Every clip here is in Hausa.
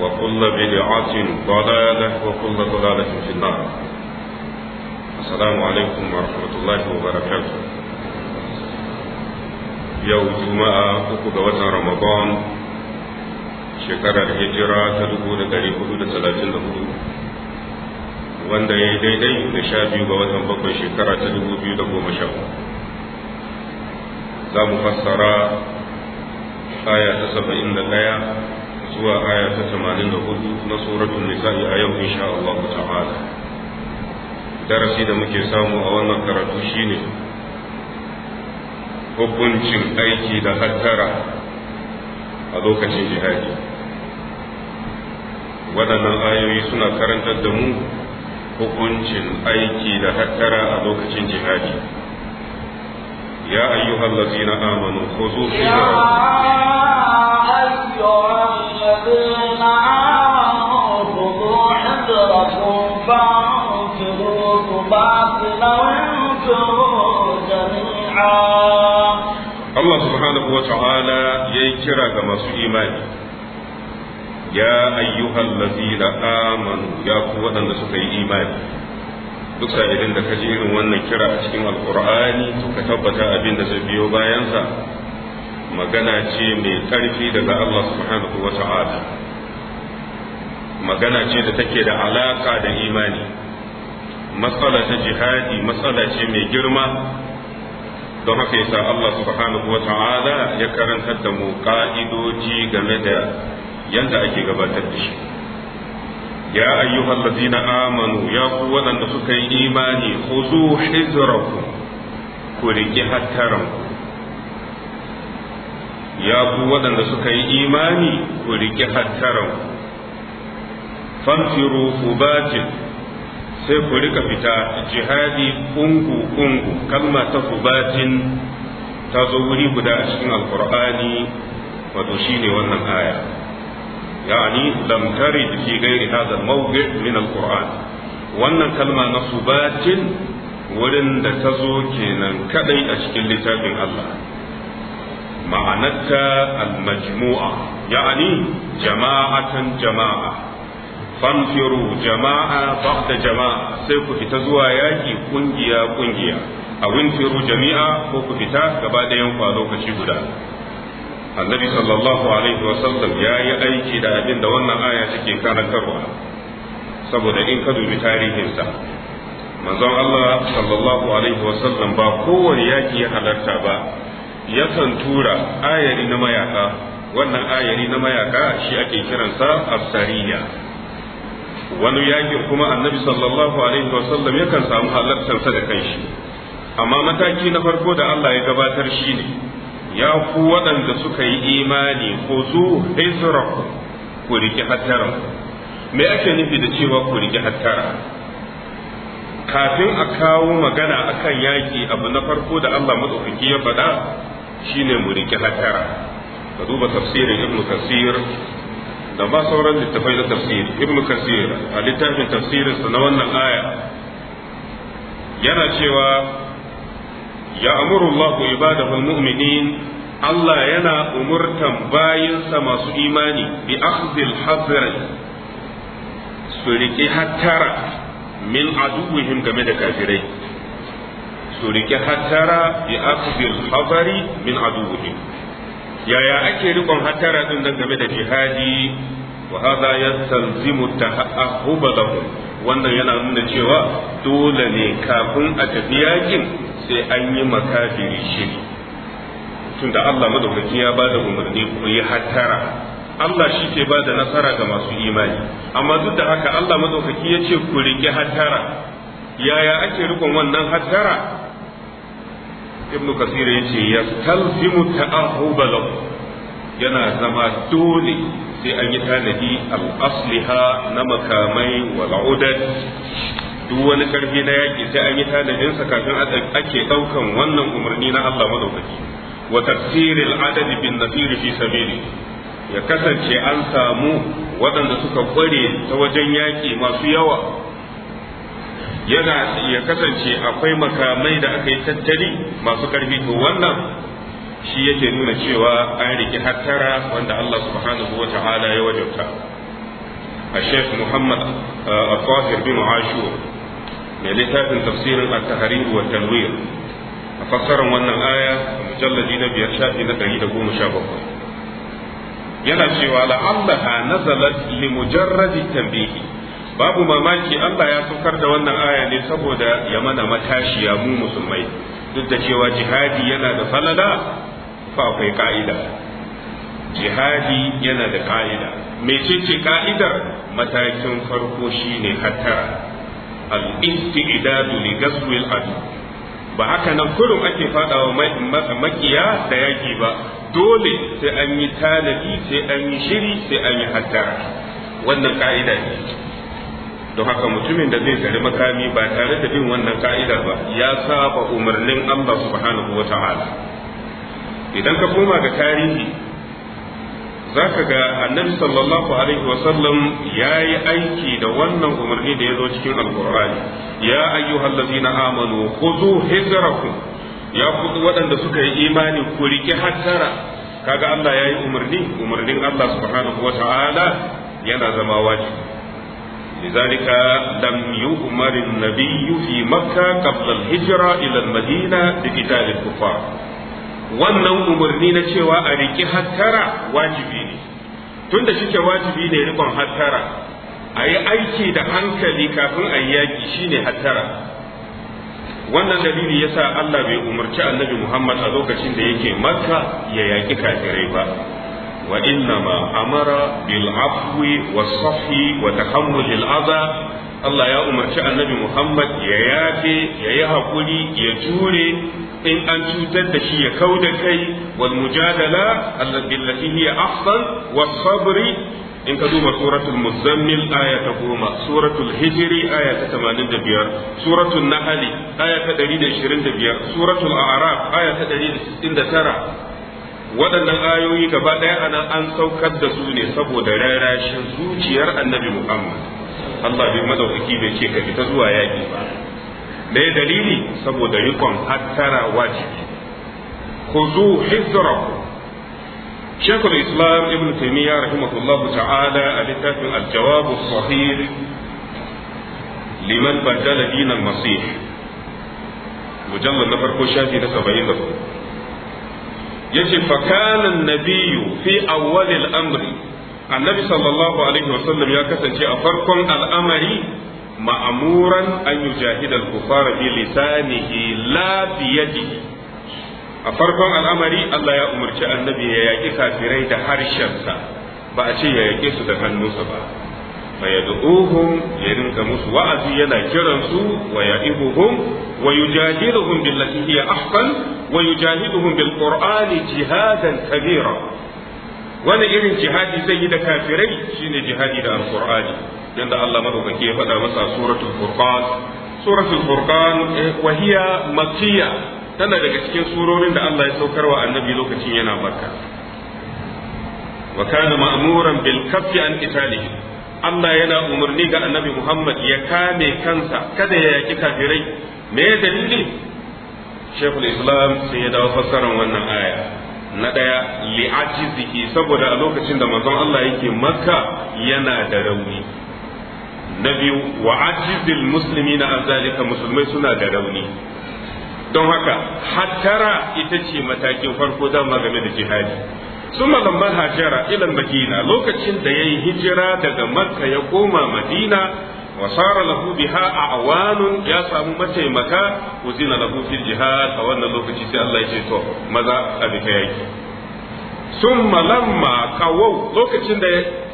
وكل بدعة ضلالة وكل ضلالة في النار السلام عليكم ورحمة الله وبركاته yau juma'a uku ga watan ramadan shekarar hijira ta dubu da dari hudu da talatin da hudu wanda ya yi daidai da sha biyu ga watan bakwai shekara ta dubu biyu da goma sha za mu fassara aya ta saba'in da ɗaya zuwa aya ta 84 na suratul nisa'i a yau insha Allah ta'ala darasi da muke samu a wannan karatu shine hukuncin aiki da hattara a lokacin jihadi waɗannan ayoyi suna karantar da mu hukuncin aiki da hattara a lokacin jihadi يا أيها الذين آمنوا خذوا حذركم جميعا الله سبحانه وتعالى يكرى كما في يا أيها الذين آمنوا يا قوة أن إيماني duk sa'ilin da ka ji irin wannan kira a cikin alkur'ani to ka tabbata abin da zai biyo bayansa magana ce mai ƙarfi daga Allah subhanahu wa ta'ala magana ce da take da alaka da imani matsala ta jihadi matsala ce mai girma don haka yasa Allah subhanahu wa ta'ala ya karantar da mu ka'idoji game da yadda ake gabatar da shi ya ayyuhal ladina amanu ya ku waɗanda suka yi imani khuzu hizrakum ku riki hattaran ya ku waɗanda suka yi imani ku riki hattaran fanfiru fubatin sai ku rika fita jihadi kungu kungu kalma ta fubatin ta zo wuri guda a cikin alkur'ani wato shine wannan aya يعني lamkari ترد في غير هذا الموضع من القرآن wannan kalma na subatin wurin da ta zo kenan kaɗai a cikin littafin Allah ma'anarta al-majmu'a ya'ani kan jama'a fanfiru jama'a ba'da jama'a sai ku fita zuwa yaki ƙungiya ƙungiya. a winfiru jami'a ko ku fita gaba ɗayan kwa lokaci guda annabi sallallahu alaihi wasallam ya yi aiki da abin da wannan aya take karantarwa saboda in ka dubi tarihinsa manzon Allah sallallahu alaihi wasallam ba kowane yaki ya halarta ba yakan tura ayari na mayaka wannan ayari na mayaka shi ake kiransa absariya wani yakin kuma annabi sallallahu alaihi wasallam yakan samu halartarsa da kanshi amma mataki na farko da Allah ya gabatar shi ne ya ku waɗanda suka yi imani ko zu hizraku ku rike hattara me ake nufi da cewa ku rike hattara kafin a kawo magana akan yaki abu na farko da Allah madaukaki ya faɗa shine mu rike hattara ka duba tafsirin ibnu kasir da ba sauran littafai na tafsiri ibnu kasir a littafin tafsirinsa na wannan aya yana cewa ya'muru Allahu ibadahu almu'minin Allah yana umurtan bayinsa masu imani bi akhdhil hazri su riƙi hattara min aduwwihim game da kafirai su riƙi hattara bi akhdhil hazri min aduwwihim yaya ake rikon hattara din game da jihadi wa hadha yastalzimu ta'ahuba lahum wannan yana nuna cewa dole ne kafin a tafi yakin sai an yi makafiri shiri tunda Allah madaukakin ya bada umarni ku yi hattara Allah shi ke bada nasara ga masu imani amma duk da haka Allah madaukaki ya ce ku riƙe hattara yaya ake rikon wannan hatara? ibnu kasir ya ce ya talzimu ta'ahubalahu yana zama dole sai an yi tanadi al-asliha na makamai wal duk wani karfi na yaki sai an yi tanadin sa kafin ake ɗaukan wannan umarni na Allah madaukaki wa tafsiril adad bin nasir fi sabili ya kasance an samu waɗanda suka kware ta wajen yaƙi masu yawa yana ya kasance akwai makamai da aka yi tattali masu karfi to wannan shi yake nuna cewa an riki hattara wanda Allah subhanahu wa ya wajabta a Sheikh Muhammad uh, a bin mai littafin tafsirin at-tahrir wa tanwir a fassarar wannan aya mujalladi na biyar na ɗari da goma sha bakwai yana cewa la'allaha nazalat li mujarradi tanbihi babu mamaki Allah ya saukar da wannan aya ne saboda ya mana matashiya mu musulmai duk da cewa jihadi yana da falala fa akwai ka'ida jihadi yana da ka'ida mecece ka'idar matakin farko shine hattara al-istidadu li gaswil adu ba haka nan kurum ake fadawa makiya da yaki ba dole sai an yi tanadi sai an yi shiri sai an yi hattara wannan ka'ida ne don haka mutumin da zai tsari makami ba tare da bin wannan ka'ida ba ya saba umarnin Allah subhanahu wata'ala idan ka koma ga tarihi za ka ga annabi sallallahu alaihi wasallam ya yi aiki da wannan umarni da ya zo cikin alkur'ani ya ayyuhal ladina amanu khudhu hijrakum ya kudu waɗanda suka yi imani ku rike hajjara kaga Allah ya yi umarni umarnin Allah subhanahu wa ta'ala yana zama wajibi لذلك لم يؤمر النبي في مكة قبل الهجرة إلى المدينة بقتال الكفار wannan umarni na cewa a riƙi hattara wajibi ne tunda shike wajibi ne rikon hattara a yi aiki da hankali kafin a yaƙi shi ne hattara wannan dalili ya sa Allah bai umarci annabi Muhammad a lokacin da yake makka ya yaƙi kafirai ba wa inna ma amara bil afwi was safi wa tahammul al Allah ya umarci annabi Muhammad ya yafe ya yi hakuri ya jure in an cutar da shi ya kau da kai wal mujadala allati hiya ahsan was sabri in ka duba suratul muzammil aya ta goma suratul hijri aya ta tamanin da biyar suratul nahali aya ta ɗari da ishirin da biyar suratul a'raf aya ta ɗari da sittin da tara waɗannan ayoyi gaba ɗaya anan an saukar da su ne saboda rarashin zuciyar annabi muhammad Allah bai madaukaki bai ce ka fita zuwa yaƙi ba me dalili saboda rikon hattara wajibi khudhu hizrakum Shekul Islam Ibn Taymiyyah rahimahullah ta'ala a littafin al-Jawab sahih liman badala din al-Masih mujallad na farko shafi na 70 yace fa kana an-nabiyyu fi awwal al-amri annabi sallallahu alaihi wasallam ya kasance a farkon al'amari ma'amuran an jahidar kufara bi lisanihi la bi a farkon al'amari Allah ya umarci annabi ya yaƙi kafirai da harshensa ba a ce ya yaƙe su da hannunsa ba fa yad'uhum ya rinka musu wa'azi yana kiran su wa ya'ibuhum wa yujahiduhum billati hiya ahsan wa yujahiduhum bil qur'ani jihadan kabira wani irin jihadi zai yi da kafirai shine jihadi da alqur'ani yanda Allah madaukake ya faɗa masa suratul furqan suratul furqan eh, wa hiya makkiya tana daga cikin surorin da Allah ya saukarwa annabi lokacin yana makka wa kana ma'muran bil kaffi an qitalihi Allah yana umarni ga annabi Muhammad ya kame kansa kada ya yaki kafirai me dalili Sheikhul Islam sai ya dawo fassarar wannan aya na ɗaya daya ziki saboda a lokacin da manzon Allah yake makka yana da rauni na biyu wa ajizil musulmi na azalika musulmai suna da rauni don haka hattara ita ce matakin farko dama game da jihadi sun malamman hajjara ilan madina lokacin da ya yi hijira daga makka ya koma madina wa sara lahu a awanun ya samu mataimaka uzina lahu fil jihad a wannan lokaci sai Allah ya ce to maza a bi yaki summa lamma kawau lokacin da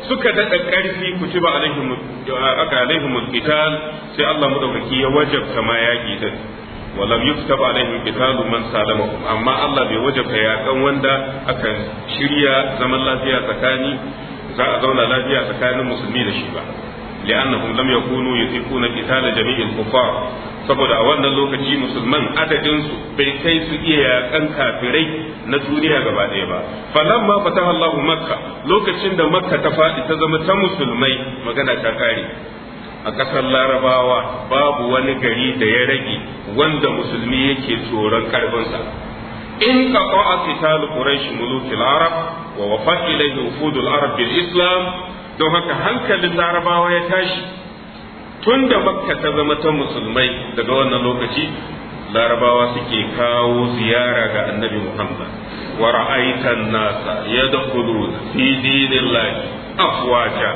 suka daɗa ƙarfi ku ci ba aka alaihim qital sai Allah madaukaki ya wajabta ma yaƙi din walam yuktab alaihim qitalu man salamahum amma Allah bai wajabta yaƙan wanda aka shirya zaman lafiya za a zauna lafiya tsakanin musulmi da shi ba li'annahum ya yakunu kuna qitala jami'in kuffar saboda a wannan lokaci musulman adadin su bai kai su iya yakan kafirai na duniya gaba ɗaya ba falamma fataha Allahu makka lokacin da makka ta faɗi ta zama ta musulmai magana ta kare a ƙasar larabawa babu wani gari da ya rage wanda musulmi yake tsoron karfinsa in qata'a a quraish muluki al-arab wa wafa ilayhi wufud al-arab bil islam don haka hankalin larabawa ya tashi tun da makka ta zama ta musulmai daga wannan lokaci larabawa suke kawo ziyara ga annabi muhammad wa ra'aitan nasa ya yadkhuluna fi dinillahi afwaja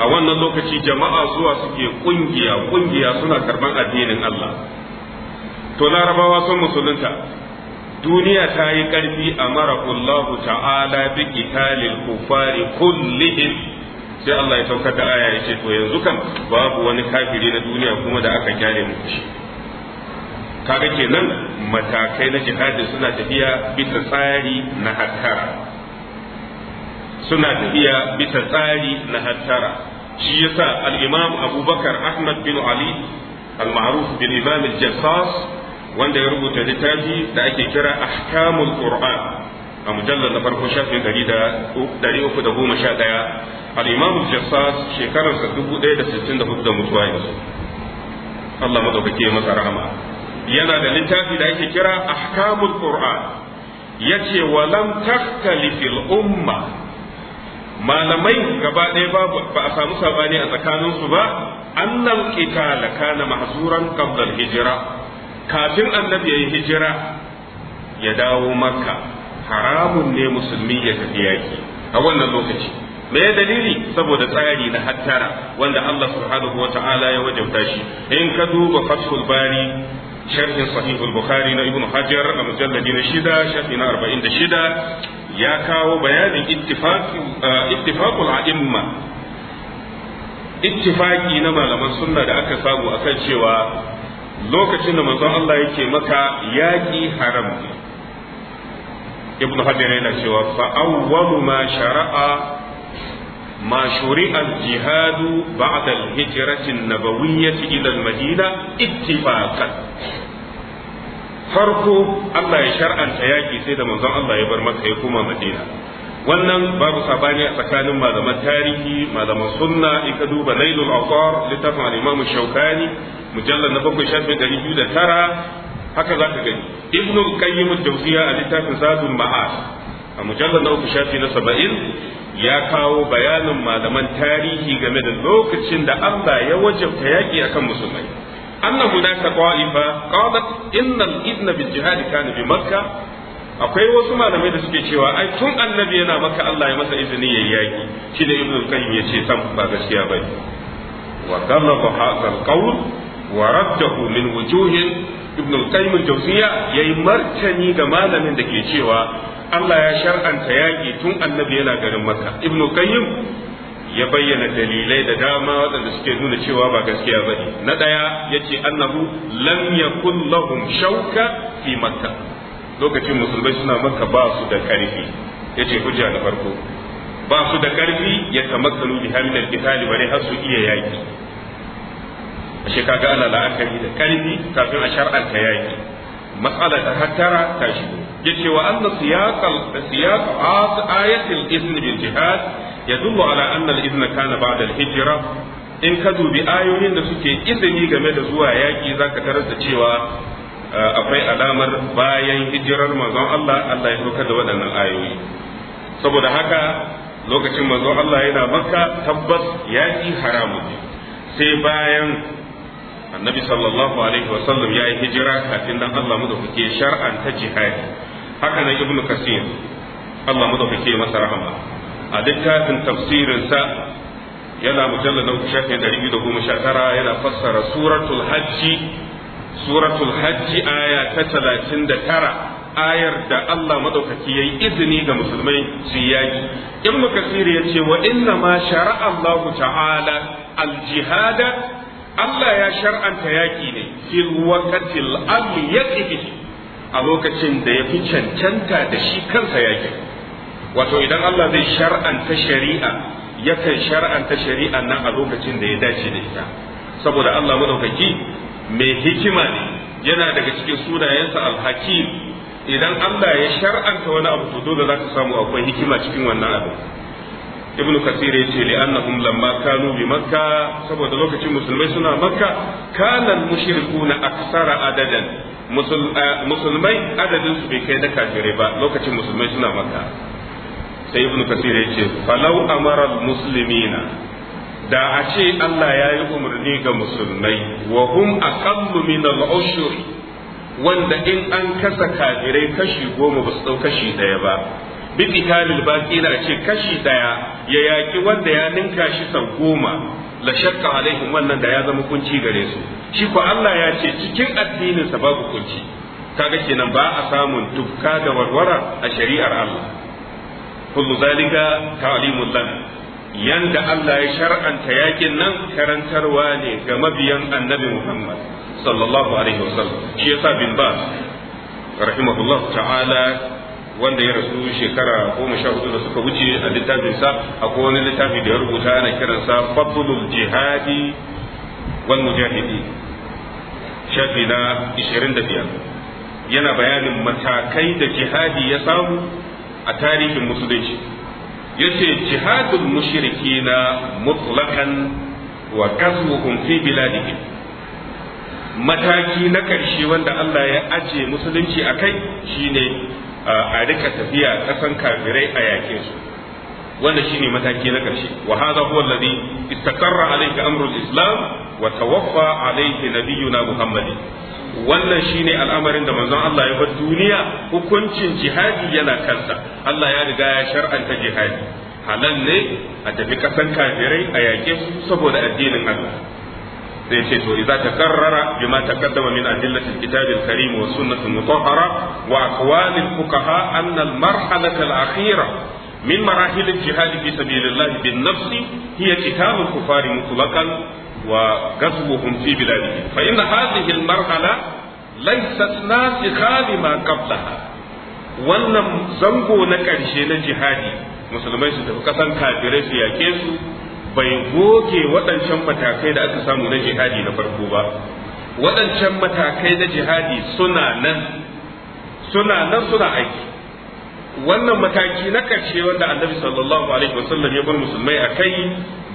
a wannan lokaci jama'a zuwa suke kungiya kungiya suna karban addinin Allah to larabawa sun musulunta duniya ta yi karfi a mara marakullahu ta'ala bi kitalil kufari kullihim sai Allah ya saukar da aya ya ce to yanzu kan babu wani kafiri na duniya kuma da aka kyale muku shi kaga kenan matakai na jihadi suna tafiya bisa tsari na hattara suna tafiya bisa tsari na hattara shi yasa al-Imam Abubakar Ahmad bin Ali al-ma'ruf bil Imam al-Jassas wanda ya rubuta littafi da ake kira Ahkamul Qur'an a mujallar na farko shafin ɗari da uku da goma sha ɗaya al'imamu jassas shekararsa dubu ɗaya da sittin da hudu da mutuwa yanzu Allah maɗaukake masa rahama yana da littafi da ake kira ahkamul qur'an yace walam takhtalifil umma malamai gaba ɗaya babu ba a samu sabani a tsakaninsu ba annal qitala kana mahzuran qabla al-hijra kafin annabi yayi hijira ya dawo makka haramun ne musulmi ya tafi yaki a wannan lokaci me ya dalili saboda tsari na hattara wanda Allah subhanahu wa ta'ala ya wajabta shi in ka duba fathul bari sharhin sahihul bukhari na Ibn hajar a mujalladi na shida sharhi na arba'in da shida ya kawo bayanin uh, ittifaqul a'imma ittifaqi na malaman sunna da aka samu akan cewa lokacin da manzon Allah yake maka yaƙi haram ne ibnu hajar yana cewa fa awwalu ma shara'a ma shuri'a al-jihadu ba'da al-hijrati nabawiyyati ila al-madina ittifaqan farko Allah ya shar'anta yaki sai da manzon Allah ya bar maka ya koma madina wannan babu sabani a tsakanin malaman tarihi malaman sunna ika ka duba lailul awqar littafin al-imam shaukani mujallal na bakwai shafi biyu da tara haka za ka gani ibnu qayyim al-jawziya a littafin zadul ma'ad a mujallal na uku shafi na saba'in ya kawo bayanin malaman tarihi game da lokacin da Allah ya wajabta yaki akan musulmai anna hunaka qa'ifa qalat innal idna bil jihad kana bi makkah akwai wasu malamai da suke cewa ai tun annabi yana maka Allah ya masa izini yayi yaki shine ibnu qayyim ya ce sam ba gaskiya bane wa qala hadha al-qawl ورده من وجوه ibn al-qayyim al-jawziya yayi martani ga malamin da ke cewa Allah ya shar'anta yaki tun annabi yana garin Makka ibn al-qayyim ya bayyana dalilai da dama waɗanda suke nuna cewa ba gaskiya ba ne na ɗaya ya ce annahu lam yakun lahum shauka fi makka lokacin musulmai suna makka ba su da ƙarfi ya ce hujja na farko ba su da ƙarfi ya tamakkalu bi hamil al-qitali bare har su iya yaki ashe kaga ana la'akari da karfi kafin a ta yaki matsala ta hattara ta shigo yace wa anna siyaqal siyaq ayatil izn bil jihad yadullu ala anna al izn kana ba'da al hijra in ka dubi ayoyin da suke izini game da zuwa yaki zaka tarar da cewa akwai alamar bayan hijirar manzon Allah Allah ya saukar da waɗannan ayoyi saboda haka lokacin manzon Allah yana makka tabbas yaki haramu sai bayan annabi sallallahu alaihi wa sallam ya yi hijira kafin dan Allah mu da kuke shar'anta jihadi haka nan ibnu kasir Allah mu da kuke masa rahama a littafin tafsirin sa yana mujallal na shafi 219 yana fassara suratul hajji suratul hajji aya ta 39 ayar da Allah madaukaki yayi izini ga musulmai su yaki ibn kasir yace wa inna ma shara'a Allah ta'ala al jihada. Allah ya shar'anta yaki ne fil waqtil amyaqi a lokacin da ya fi cancanta da shi kansa yaki wato idan Allah zai shar'anta shari'a yakan shar'anta shari'a nan a lokacin da ya dace da ita saboda Allah madaukaki mai hikima ne yana daga cikin sunayensa al-hakim idan Allah ya shar'anta wani abu to dole za ka samu akwai hikima cikin wannan abin ibnu kasir yace ce annahum lamma kanu bi makka saboda lokacin musulmai suna makka kanan mushrikuna aksara adadan eh, musulmai adadin su bai kai da kafirai ba lokacin musulmai suna makka sai ibnu kasir ya ce falau amara muslimina da a ce Allah ya yi umarni ga musulmai wa hum aqallu min al wanda in an kasa kafirai kashi goma ba su kashi daya ba biqitalil baqina a ce kashi daya ya yaki wanda ya ninka shi sau goma la shakka alaihim wannan da ya zama kunci gare su shi ko Allah ya ce cikin addinin sa babu kunci kaga kenan ba a samun tufka da warwara a shari'ar Allah kullu zalika ta'limul lana yanda Allah ya shar'anta yakin nan karantarwa ne ga mabiyan annabi Muhammad sallallahu alaihi wasallam shi yasa bin ba rahimahullahu ta'ala wanda ya rasu shekara goma sha hudu da suka wuce a littafinsa ko wani littafi da ya rubuta ana kiransa fadlul jihadi wal mujahidi shafi na 25 yana bayanin matakai da jihadi ya samu a tarihin musulunci yace jihadul mushrikina mutlaqan wa qasmuhum fi biladihim mataki na karshe wanda Allah ya aje musulunci akai shine a rika tafiya kasan kafirai a yake su wanda shine mataki na karshe wa hadha huwa alladhi istaqarra alayka amru islam wa tawaffa alayhi nabiyyuna muhammadin wannan shine al'amarin da manzon Allah ya bar duniya hukuncin jihadi yana kansa Allah ya riga ya shar'anta jihadi halal ne a tafi kasan kafirai a yake su saboda addinin Allah sai ce to idza takarrara bima taqaddama min adillati alkitab alkarim wa sunnah almutahhara wa aqwal alfuqaha anna almarhalata alakhira min marahil aljihad fi sabilillah bin nafsi hiya kitab alkufar mutlaqan wa ghazwuhum fi biladihim fa inna hadhihi almarhala laysat nasikha lima qablaha wannan zango na ƙarshe na jihadi musulmai su tafi kasan kafirai su yake su bai goge waɗancan matakai da aka samu na jihadi na farko ba waɗancan matakai na jihadi suna nan suna nan suna aiki wannan mataki na ƙarshe wanda annabi sallallahu alaihi wasallam ya bar musulmai a kai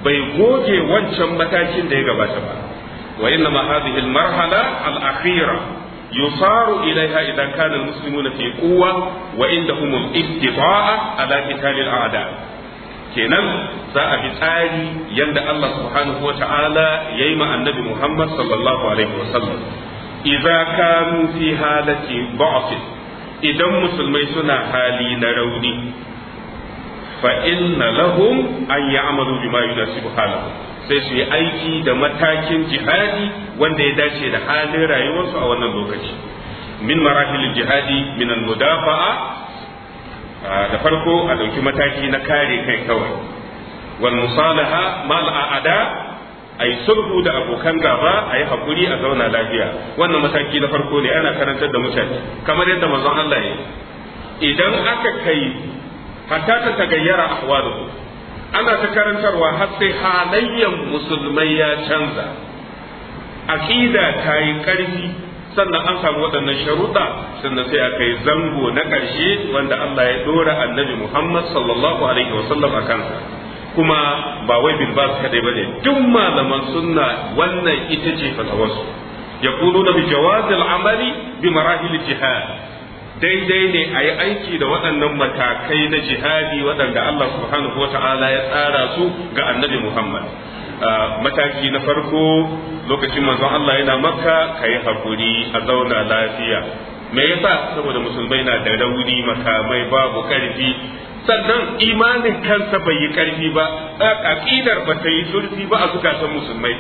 bai goge wancan matakin da ya gabata ba wa inna ma hadhihi al marhala al akhira yusaru ilaiha idan kana al muslimuna fi quwwa wa indahum al istita'a ala qital al a'da kenan za a bi tsari yadda Allah subhanahu wa ta'ala yayi ma annabi Muhammad sallallahu alaihi wasallam idza kanu fi halati da'f idan musulmai suna hali na rauni fa inna lahum an ya'malu bima yunasibu halahum sai su yi aiki da matakin jihadi wanda ya dace da halin rayuwarsu a wannan lokaci min marahil jihadi min al-mudafa'a Ah, da farko a ɗauki mataki na kare kai kawai wal musalaha mal a'ada ai sulhu da abokan gaba ai hakuri a zauna lafiya wannan mataki na farko ne ana karantar da mutane kamar yadda manzon Allah ya idan aka kai hatta ta tagayyara ahwalu ana ta karantarwa har sai halayyan musulmai ya canza aqida ta yi ƙarfi sannan an samu waɗannan sharuɗa sannan sai aka yi zango na ƙarshe wanda Allah ya ɗora annabi Muhammad sallallahu alaihi sallam, a kansa kuma ba wai bin ba ba ne. duk malaman sunna wannan ita ce fatawarsu yaquluna bi jawaz amali bi marahil jihad daidai ne a yi aiki da waɗannan matakai na jihadi waɗanda Allah subhanahu wa ta'ala ya tsara su ga annabi Muhammad mataki na farko lokacin manzon Allah yana makka ka yi hakuri a zauna lafiya me yasa saboda musulmai na da rauni makamai babu karfi sannan imanin kansa bai yi karfi ba aqidar ba ta yi zurfi ba a zukatan musulmai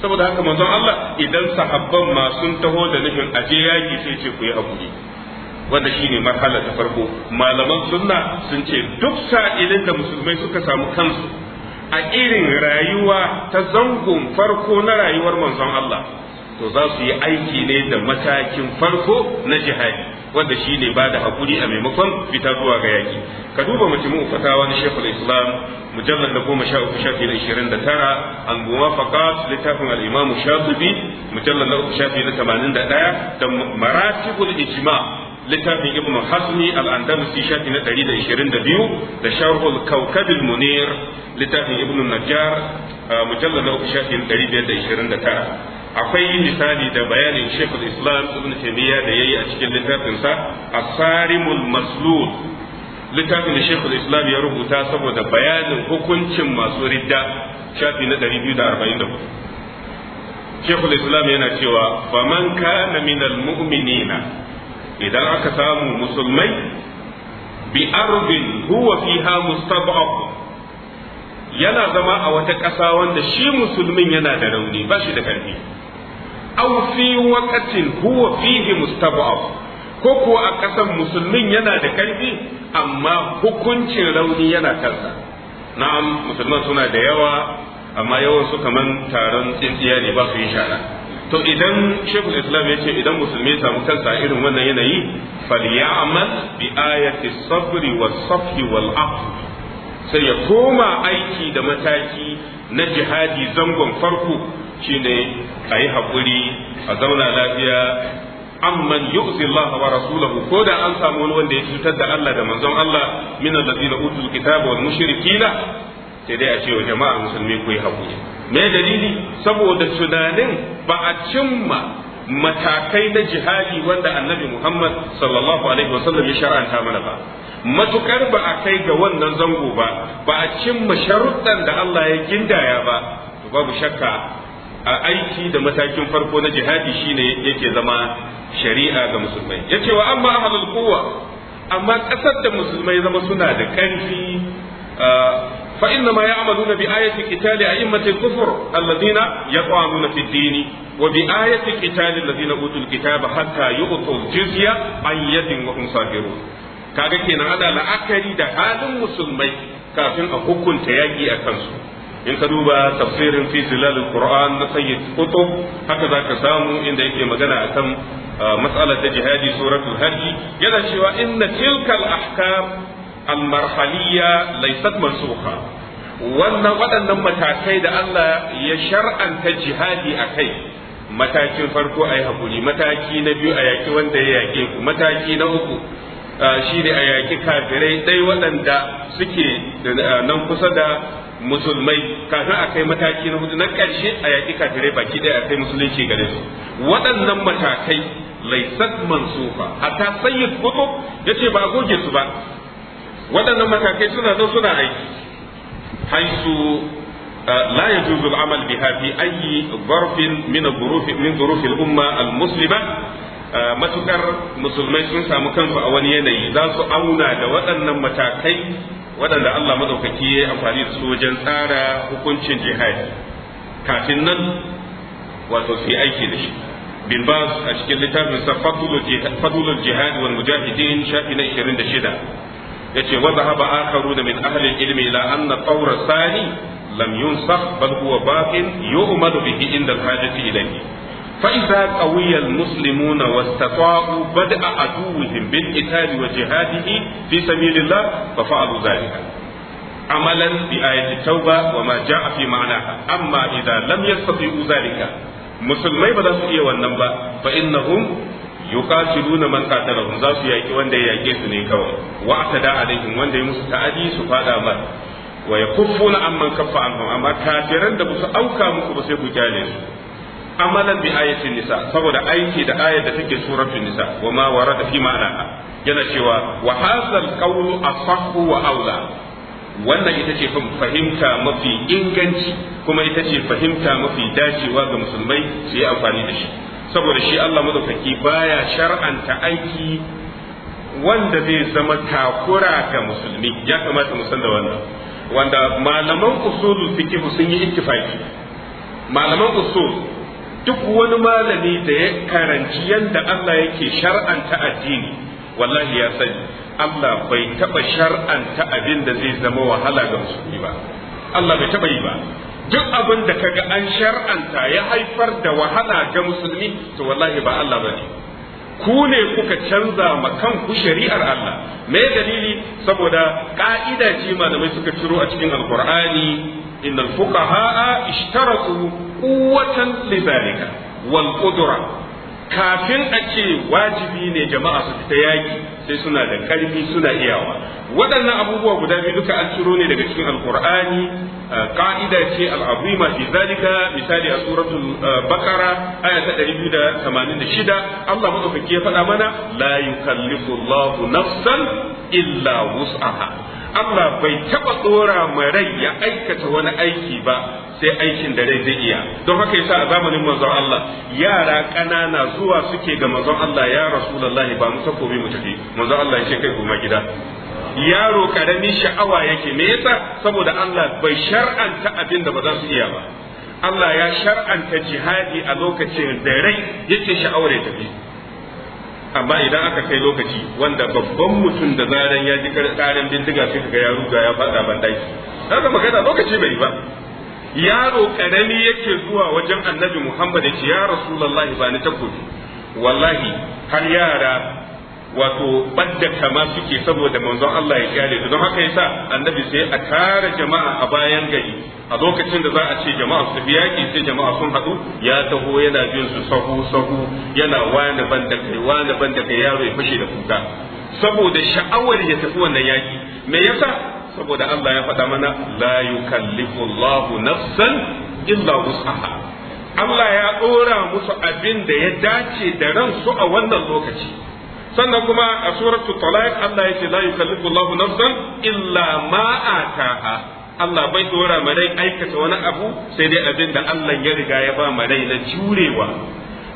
saboda haka manzon Allah idan sahabban ma sun taho da nufin aje yaki sai ce ku yi hakuri, wanda shine marhala ta farko malaman sunna sun ce duk sa'ilin da musulmai suka samu kansu a irin rayuwa ta zangon farko na rayuwar manzon Allah to za su yi aiki ne da matakin farko na jihadi wanda shi ne ba da haƙuri a maimakon fita zuwa ga yaƙi ka duba mutum fatawa na shekul islam mujallar da goma sha uku shafi na ishirin da tara goma muwafaqat littafin al'imamu shafi mujallar na uku shafi na tamanin da ɗaya da maratibul ijma' littafin ibn hasmi al-andalusi shafi na 122 da sharhul kaukab al-munir littafin ibn najjar mujallal na shafi na 529 akwai misali da bayanin shaykh islam ibn taymiya da yayi a cikin littafin sa asarimul maslul littafin da shaykh islam ya rubuta saboda bayanin hukuncin masu ridda shafi na 244 Shekul Islam yana cewa, "Faman kana minal mu'minina idan aka samu musulmai bi arbin huwa fiha mustad'af yana zama a wata ƙasa wanda shi musulmin yana da rauni ba shi da ƙarfi aw fi waqtin huwa fihi mustad'af ko kuwa a ƙasan musulmin yana da ƙarfi amma hukuncin rauni yana kansa na'am musulman suna da yawa amma yawan su kaman taron tsintsiya ne ba su yi shara to idan shekul islam ya ce idan musulmi ya samu kansa irin wannan yanayi falyamal bi ayati sabri was safi wal sai ya koma aiki da mataki na jihadi zangon farko shine a yi haƙuri a zauna lafiya Amma yu'zi Allah wa rasulahu ko da an samu wani wanda ya cutar da Allah da manzon Allah min allazina utul kitaba wal mushrikina sai dai a ce wa jama'ar musulmi ku yi hakuri me dalili saboda tunanin ba a cimma matakai na jihadi wanda annabi Muhammad sallallahu alaihi wasallam ya shar'anta mana ba matukar ba a kai ga wannan zango ba ba a cimma sharuɗan da Allah ya gindaya ba to babu shakka a aiki da matakin farko na jihadi shine yake zama shari'a ga musulmai yace wa amma ahlul quwwa amma kasar da musulmai zama suna da karfi ah, fa inna ma a bi ayati qitali a'immatil kufr alladhina yaqamuna fid din wa bi ayati qitali alladhina utul kitaba hatta yu'tul jizya an yadin wa hum safirun kaga kenan ada la'akari da halin musulmai kafin a hukunta yaki a kansu in ka duba tafsirin fi zilalul qur'an na sayyid qutb haka zaka samu inda yake magana akan mas'alar ta jihadi suratul hajj yana cewa inna tilkal ahkam al-marhaliyya laysat mansukha wannan waɗannan matakai da Allah ya shar'anta jihadi a kai matakin farko a yi haƙuri mataki na biyu a yaƙi wanda ya yaƙe ku mataki na uku shi ne a yaƙi kafirai ɗai waɗanda suke nan kusa da musulmai kafin a kai mataki na hudu na ƙarshe a yaƙi kafirai baki ɗaya a kai musulunci gare su waɗannan matakai laisat mansufa hatta sayyid kutub yace ba goge su ba waɗannan matakai suna nan suna aiki haisu لا يجوز العمل بها في أي ظرف min الظروف al ظروف الأمة المسلمة matukar musulmai sun samu kansu a wani yanayi za su auna da waɗannan matakai waɗanda Allah maɗaukaki ya amfani da su wajen tsara hukuncin jihadi kafin nan wato su aiki da shi bin a cikin littafin sa fadlul jihad wal mujahidin shafi na 26 yace wadhaba akharu min ahli ilmi la anna tawra sani lam yunsakh bal huwa baqin yu'mad bihi inda hajati ilayhi fa idha qawiya al muslimuna wastata'u bada'a aduwwuhum bil qitali wa jihadihi fi sabilillah fa fa'alu dhalika عملا بآية التوبة وما جاء في معناها أما إذا لم يستطيعوا ذلك مسلمي بدأت إيه والنبأ فإنهم yuqatiluna man qatalahum za su yaki wanda ya yake su ne kawai wa atada alaihim wanda ya musu ta'adi su fada mar wa yakuffuna amman kaffa anhum amma kafiran da musu auka muku ba sai ku kyale su amalan bi ayatin nisa saboda aiki da ayar da take suratul nisa wa ma warada fi ma'ana yana cewa wa hasal qawlu asahhu wa aula wannan ita ce fahimta mafi inganci kuma ita ce fahimta mafi dacewa ga musulmai su yi amfani da shi saboda shi Allah madaukaki baya shar'anta aiki wanda zai zama takura ga musulmi ya kamata mu san da wannan wanda malaman usulul fiqh sun yi ittifaki malaman usul duk wani malami da ya karanci yadda Allah yake shar'anta addini wallahi ya sani Allah bai taba shar'anta abin da zai zama wahala ga musulmi ba Allah bai taba yi ba duk abin da kaga an shar'anta ya haifar da wahala ga musulmi to wallahi ba Allah bane ku ne kuka canza ma ku shari'ar Allah me dalili saboda ka'ida ce malamai suka ciro a cikin alqur'ani innal fuqaha ishtaratu quwwatan lidhalika wal qudra kafin a ce wajibi ne jama'a su fita yaki sai suna da karfi suna iyawa waɗannan abubuwa guda biyu duka an ciro ne daga cikin alqur'ani ka'ida ce al'azima fi zalika misali a suratul bakara aya ta 286 Allah madaukaki ya faɗa mana la yukallifu Allahu nafsan illa wus'aha Allah bai taɓa tsora ma rai ya aikata wani aiki ba sai aikin da rai zai iya don haka yasa a zamanin manzon Allah yara ƙanana zuwa suke ga manzon Allah ya rasulullahi ba mu takobi mu tafi manzon Allah yake kai goma gida yaro karami sha'awa yake me yasa saboda Allah bai shar'anta abin da ba za su iya ba Allah ya shar'anta jihadi a lokacin da rai yake sha'awar ya tafi amma idan aka kai lokaci wanda babban mutum da zaran ya ji karin bindiga sai kaga ya ruga ya fada ban daki haka magana lokaci bai ba yaro karami yake zuwa wajen annabi Muhammad ya ce ya rasulullahi ba ni takobi wallahi har yara wato badda kama suke saboda manzon Allah ya kyale su don haka yasa annabi sai a kare jama'a a bayan gari a lokacin da za a ce jama'a su biya ki sai jama'a sun haɗu ya taho yana jin su sahu sahu yana wani ban kai wani yaro ya fashe da kuka saboda sha'awar ya tafi wannan yaki me yasa saboda Allah ya faɗa mana la yukallifu Allahu nafsan illa wus'aha Allah ya ɗora musu abin da ya dace da ransu a wannan lokaci sannan kuma a suratul talaq Allah ya ce la yukallifu Allahu nafsan illa ma ataha Allah bai dora ma aikata wani abu sai dai abin da Allah ya riga ya ba ma rai na jurewa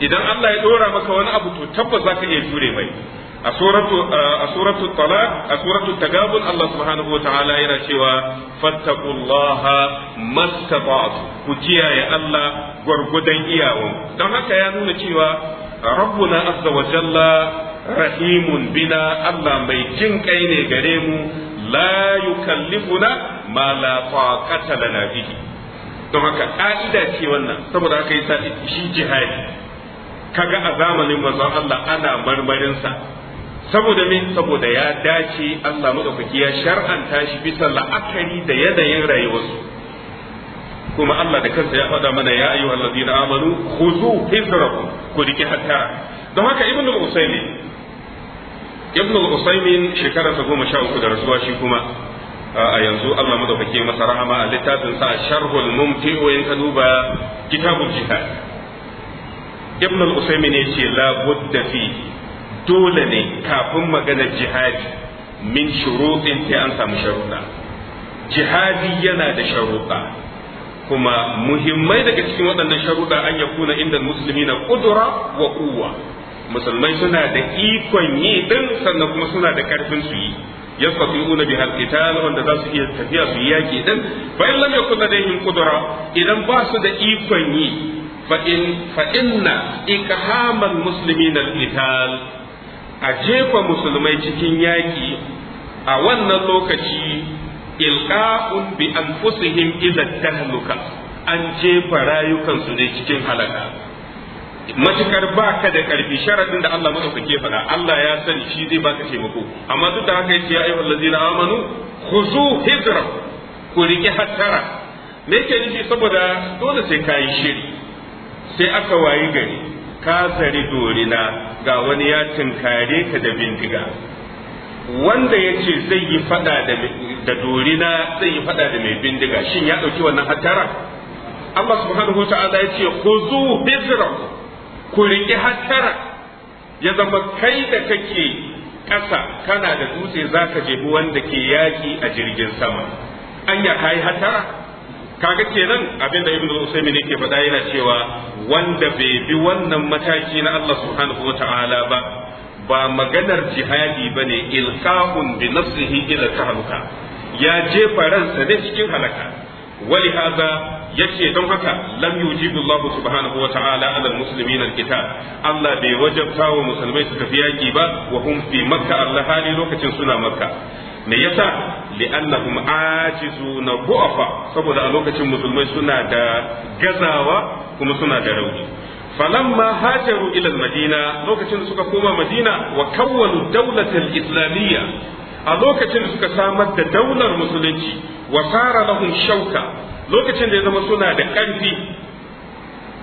idan Allah ya dora maka wani abu to tabbas zaka iya jure mai a suratu a suratu talaq a tagabun Allah subhanahu wataala yana cewa fattaqullaha mastata'tu ku kiyaye Allah gwargudan iyawan don haka ya nuna cewa rabbuna عز وجل رحيم rahimun bina Allah mai jin kai ne gare mu likuna yukallifuna ma la taqata lana don haka ce wannan saboda yi yasa shi jihadi kaga a zamanin manzon Allah ana marmarin sa saboda me saboda ya dace Allah madaukaki ya shar'anta shi bisa la'akari da yanayin rayuwarsu kuma Allah da kansa ya faɗa mana ya ayyuhal ladina amanu khuzu hizrakum ku riki hatta don haka ibnu usaymin ibnu usaymin shekara ta goma sha uku da rasuwa shi kuma a yanzu Allah madaukake masa rahama a littafin sa sharhul mumti wa in ka duba kitabul jihad ibnu usaymin yace la budda fi dole ne kafin maganar jihadi min shuruɗin sai an samu sharuɗa jihadi yana da sharuɗa kuma muhimmai daga cikin waɗannan sharuɗa an ya kuna inda musulmi na ƙudura wa ƙuwa musulmai suna da ikon yi ɗin sannan kuma suna da ƙarfin su yi yastati'una bihal qital wanda za su iya tafiya su yaki din fa in lam yakun ladayhim qudra idan ba su da ikon yi fa in fa inna ikhamal muslimin al qital a jefa musulmai cikin yaƙi a wannan lokaci ilqa'un bi anfusihim idza tahluka an jefa rayukansu ne cikin halaka matukar baka da karfi sharadin da Allah ke faɗa Allah ya sani shi zai baka taimako amma duk da haka yace ya ayyuhal ladina amanu khuzu hijra ku rike hattara me yake nufi saboda dole sai kayi shiri sai aka wayi gari ka tsari dorina ga wani ya tinkare ka da bindiga wanda ya ce zai yi fada da dorina zai yi fada da mai bindiga shin ya ɗauki wannan hattara Allah subhanahu wa ta'ala ya ce ku zu ku riƙi hattara ya zama kai da kake ƙasa kana da dutse za ka jefi wanda ke yaƙi a jirgin sama anya ka yi hattara kaga kenan abinda ibn usaymin yake faɗa yana cewa wanda bai bi wannan mataki na Allah subhanahu ta'ala ba ba maganar jihadi ba ne ilkahun bi nafsihi ila ka. ya jefa ransa ne cikin halaka wali hada yace don haka lam yujibu Allah subhanahu wa ta'ala ala almuslimin alkitab Allah bai wajabta wa musulmai su tafi yaki ba wa hum fi makka Allah hali lokacin suna makka me yasa li'annahum ajizuna bu'afa saboda a lokacin musulmai suna da gazawa kuma suna da rauni falamma hajaru ila madina lokacin da suka koma madina wa kawwalu dawlatal islamiyya a lokacin da suka samar da daular musulunci wa fara lahum shauka lokacin da ya zama suna da ƙarfi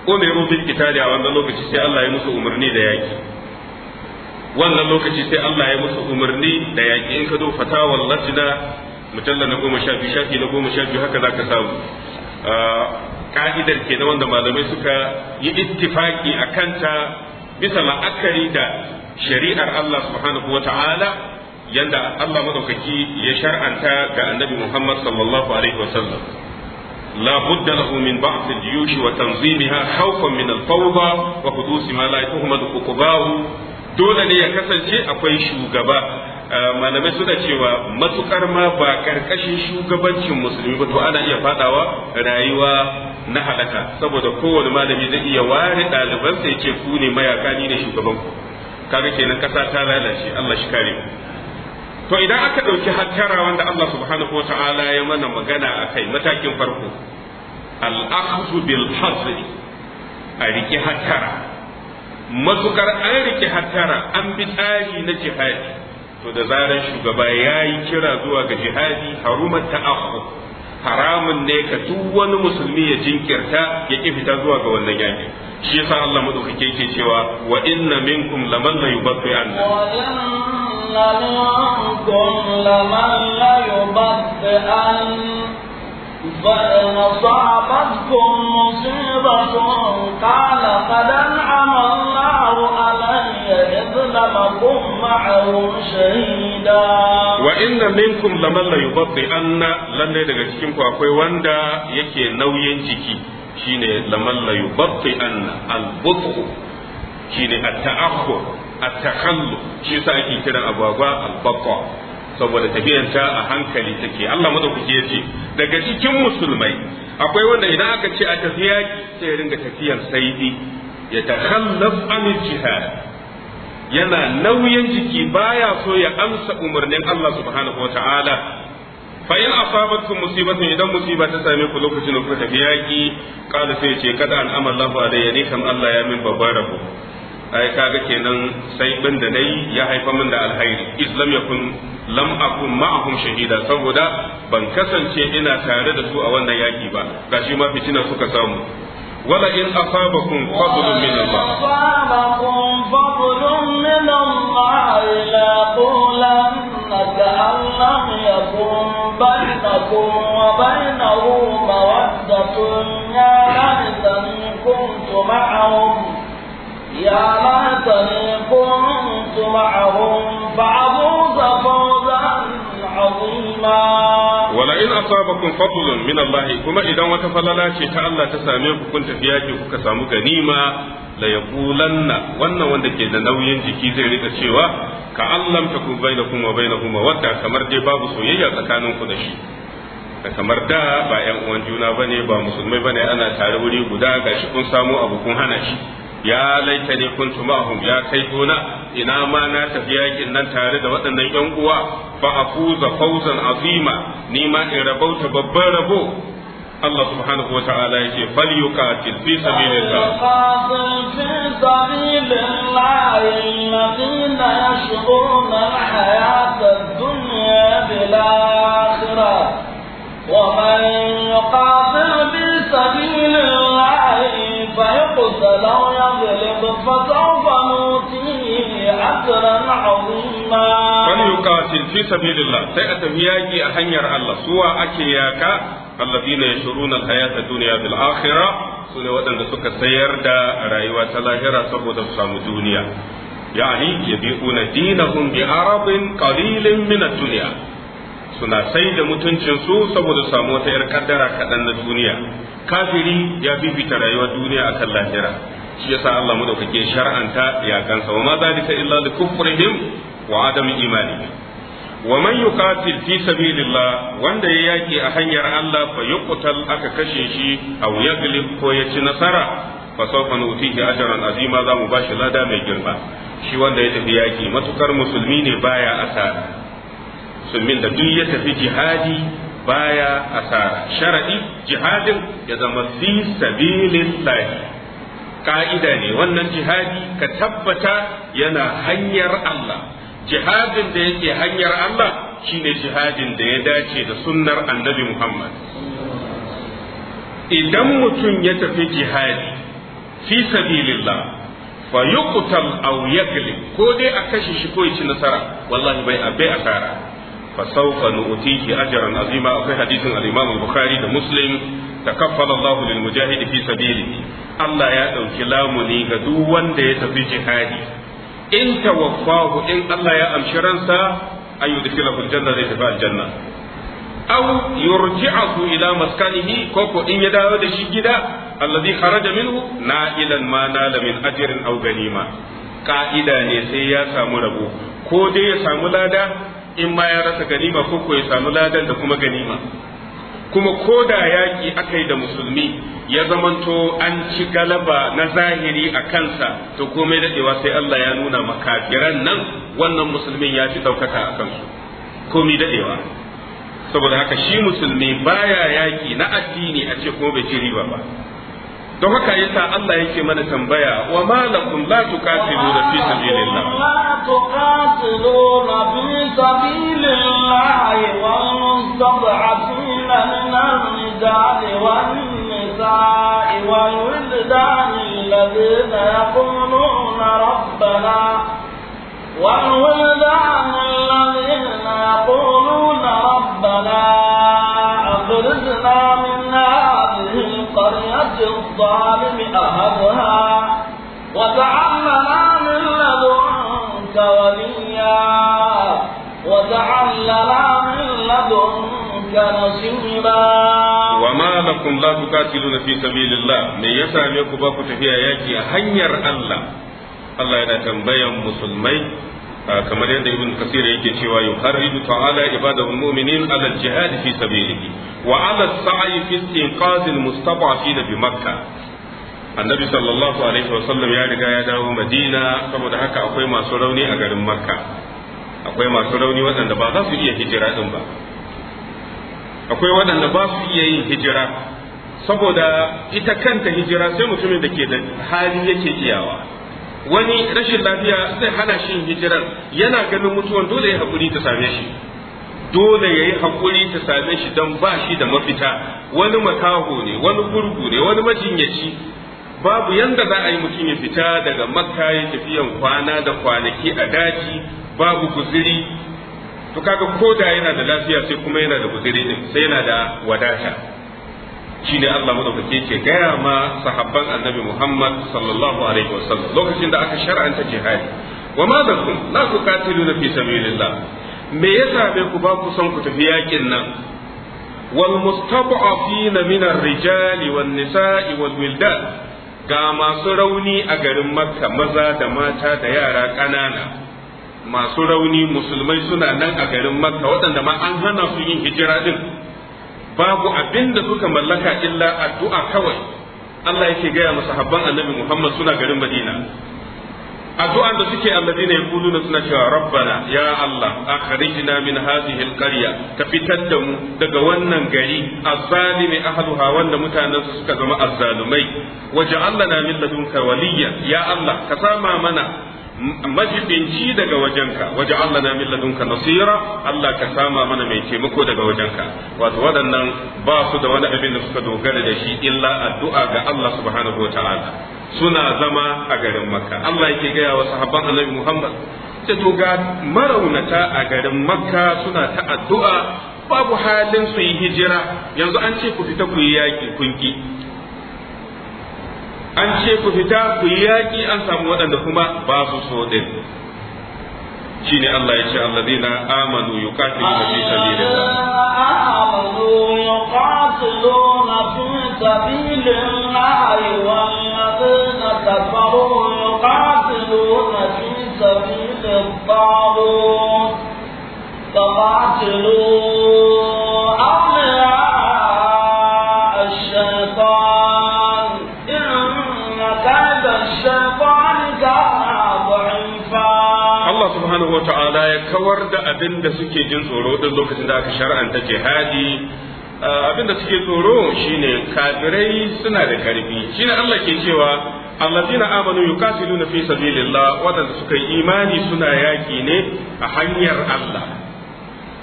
umiru bil qitali a wannan lokaci sai Allah ya musu umarni da yaki wannan lokaci sai Allah ya musu umarni da yaki in ka zo fatawar lajna mujalla na goma sha biyu shafi na goma sha biyu haka zaka samu ka'idar ke na wanda malamai suka yi ittifaki a kanta bisa la'akari da shari'ar Allah subhanahu wa ta'ala yanda Allah madaukaki ya shar'anta ga annabi Muhammad sallallahu alaihi wa sallam لا بد له من بعض الجيوش وتنظيمها خوفا من الفوضى وحدوث ما لا يتهم عقباه dole ne ya kasance akwai shugaba malamai suna cewa matukar ma ba karkashin shugabancin musulmi ba to ana iya fadawa rayuwa na halaka saboda kowane malami zai iya ware ɗaliban ya ce ku ne mayaka ni ne shugaban ku kaga kenan kasa ta lalace Allah shi kare to idan aka ɗauki hattara wanda Allah subhanahu wa ta'ala ya mana magana a kai matakin farko al'akhdhu bil hazri a riki hattara matukar an riki hattara an bi tsari na jihadi to da zaran shugaba ya yi kira zuwa ga jihadi harumar ta'akhu haramun ne ka duk wani musulmi ya jinkirta ya ƙi fita zuwa ga wannan yaki shi yasa Allah madaukake yake cewa wa inna minkum laman la yubatti anna wa inna minkum laman la yubatti anna فإن أصابتكم مصيبة قال قد أنعم الله علي إذ لم أكن معهم شهيدا وإن منكم لمن ليبطئن لن daga cikin ku akwai wanda yake nauyin jiki shine laman la yubatti'an al-butu shine at-ta'akhkhur at-takhallu shi sa ake kiran ababa al saboda tafiyanta a hankali take Allah madaukaki ce. daga cikin musulmai akwai wanda idan aka ce a tafiya sai ya ringa tafiyar saidi ya takhallaf an jihad yana nauyin jiki baya so ya amsa umarnin Allah subhanahu wataala fa in asabatkum musibatu idan musiba ta same ku lokacin da kuka tafi yaki qala sai ce kada an amalla Allahu da Allah ya min babbar rabo ai kaga kenan sai bin da nayi ya haifa min da alhairi islam kun lam akun ma'ahum shahida saboda ban kasance ina tare da su a wannan yaki ba gashi ma fitina suka samu wala in asabakum fadlun min Allah asabakum fadlun min Allah la qulanna ka'allam yakun bainakum wa bainahu mawaddatun ya laitani kuntum ma'ahum يا ليتني كنت معهم kuma idan wata falala ce فضل allah ta كما إذا وتفللا شيء تعالى تسامعكم كنت في la yaqulanna wannan wanda ke da nauyin jiki zai rika cewa ka allam kuma bai wa kuma mawadda kamar dai babu soyayya tsakanin ku da shi kamar da ba yan uwan juna bane ba musulmai bane ana tare wuri guda gashi kun samu abu kun hana shi ya laitani kuntu ma'hum ya kai tona ina ma na tafi yakin nan tare da waɗannan yan uwa a fuza fauzan azima ni ma in rabauta babban rabo Allah subhanahu wa ta'ala yake fal yuqatil fi sabilillah yuqatil fi sabilillah alladhina yashuruna hayata ad-dunya bil akhirah wa man yuqatil فيقتل أو يغلب فسوف نؤتيه أجرا عظيما فليقاتل في سبيل الله سيأتي ياجي أهنير الله سوى أكياك الذين يشرون الحياة الدنيا بالآخرة سنة ودن سكة سير دا رأيوة تلاهرة سبودة سامو دنيا يعني يبيعون دينهم بعرض قليل من الدنيا suna sai da mutuncinsu saboda samu wata 'yar kaddara kaɗan na duniya kafiri ya bibita rayuwar duniya akan lahira shi yasa Allah madaukake shar'anta ya kansa wa ma zalika illa li kufrihim wa adam imani wa man yuqatil fi sabilillah wanda ya yaki a hanyar Allah fa yuqtal aka kashe shi aw yaglib ko ya ci nasara fa sawfa nutihi ajran azima za mu bashi lada mai girma shi wanda ya tafi yaki matukar musulmi ne baya asara sumin da duk ya tafi jihadi baya asara sharadi jihadin ya zama fi lahi. ka'ida ne wannan jihadi ka tabbata yana hanyar Allah jihadin da yake hanyar Allah shine jihadin da ya dace da sunnar annabi Muhammad idan mutum ya tafi jihadi fi sabilillah fa yuqtal aw yaglib ko dai a kashe shi ko ya ci nasara wallahi bai bai asara فسوف نؤتيه أجرا عظيما أو في حديث الإمام البخاري مسلم تكفل الله للمجاهد في سبيله الله يا كلام نيغا دو وند يتفي جهادي إن توفاه إن الله يا أمشرنسا أن يدخله الجنة زي تفاء الجنة أو يرجعه إلى مسكنه كوكو إن يدعو دشي جدا الذي خرج منه نائلا ما نال من أجر أو غنيمة قائدا ne sai ya samu rabo ko dai ya samu lada in ma ya rasa ganima ko ko ya samu ladan da kuma ganima kuma ko da yaƙi aka yi da musulmi ya zamanto an ci galaba na zahiri a kansa to komai daɗewa sai Allah ya nuna makafiran nan wannan musulmin ya fi ɗaukaka a kansu komai daɗewa saboda haka shi musulmi baya yaƙi na addini a ce kuma bai ci riba ba don haka yasa Allah yake mana tambaya wa malakum lakum la tuqatiluna fi sabilillah la tuqatiluna fi sabilillah wa mustad'afina min ar-rijal wan nisa'i wal wildan alladhina yaquluna rabbana والولدان الذين yaquluna rabbana أخرجنا من الظالم أهدها وجعل لنا من لدنك وليا وجعل لنا من لدنك نصيبا وما لكم لا تقاتلون في سبيل الله من يسعى لكم باكو تفيا ياكي هنير الله الله يتنبين مسلمين kamar yadda ibn kasir yake cewa yuharridu ta'ala ibadahu mu'minin ala jihad fi sabilihi wa ala sa'i fi istinqaz almustad'afin bi makkah annabi sallallahu alaihi wa sallam ya riga ya dawo madina saboda haka akwai masu rauni a garin makka akwai masu rauni waɗanda ba za su iya hijira din ba akwai waɗanda ba su iya yin hijira saboda ita kanta hijira sai mutumin da ke da hali yake iyawa wani rashin lafiya zai hana shi hijirar yana ganin mutuwan dole ya hakuri ta same shi dole ya yi hakuri ta same shi don ba shi da mafita wani makaho ne wani gurgu ne wani majinyaci babu yanda za a yi mutum ya fita daga makka ya tafiyan kwana da kwanaki a daji babu guziri to kaga ko da yana da lafiya sai kuma yana da guziri din sai yana da wadata shine Allah madaukake ke gaya ma sahabban annabi Muhammad sallallahu alaihi wasallam lokacin da aka shar'anta jihadi wa ma lakum la na fi sabilillah me yasa bai ku ba ku son ku tafi yakin nan wal mustad'afina min ar-rijali wan nisa'i wal wildan ga masu rauni a garin Makka maza da mata da yara ƙanana masu rauni musulmai suna nan a garin Makka waɗanda ma an hana su yin hijira din babu abin da suka mallaka illa addu'a kawai Allah yake gaya musu habban annabi Muhammad suna garin Madina addu'an da suke alladina yaquluna suna cewa rabbana ya Allah akhrijna min hadhihi alqarya ka fitar da mu daga wannan gari azzalimi ahluha wanda mutanen su suka zama azzalumai waj'al lana min ladunka waliya ya Allah ka sama mana majibinci daga wajenka waje Allah na milladunka nasira Allah ka sama mana mai taimako daga wajenka wato waɗannan ba su da wani abin da suka dogara da shi illa addu'a ga Allah subhanahu wataala suna zama a garin Makka Allah yake gaya wa sahabban Annabi Muhammad ce to ga maraunata a garin Makka suna ta addu'a babu halin su yi hijira yanzu an ce ku fita ku yi yaƙi kun an ce ku fita ku yi yaƙi an samu waɗanda kuma ba su so ɗin shine Allah ya ce allazina amanu amanu yuqatiluna fi sabilillah wallazina kafaru da fi wata'ala ya kawar da abin da suke jin tsoro duk lokacin da aka shar'anta jihadi ah, abin da suke tsoro shine kafirai suna da karfi shine Allah ke cewa allazina amanu yuqatiluna fi sabilillah wadanda suka yi imani suna yaki ne a hanyar Allah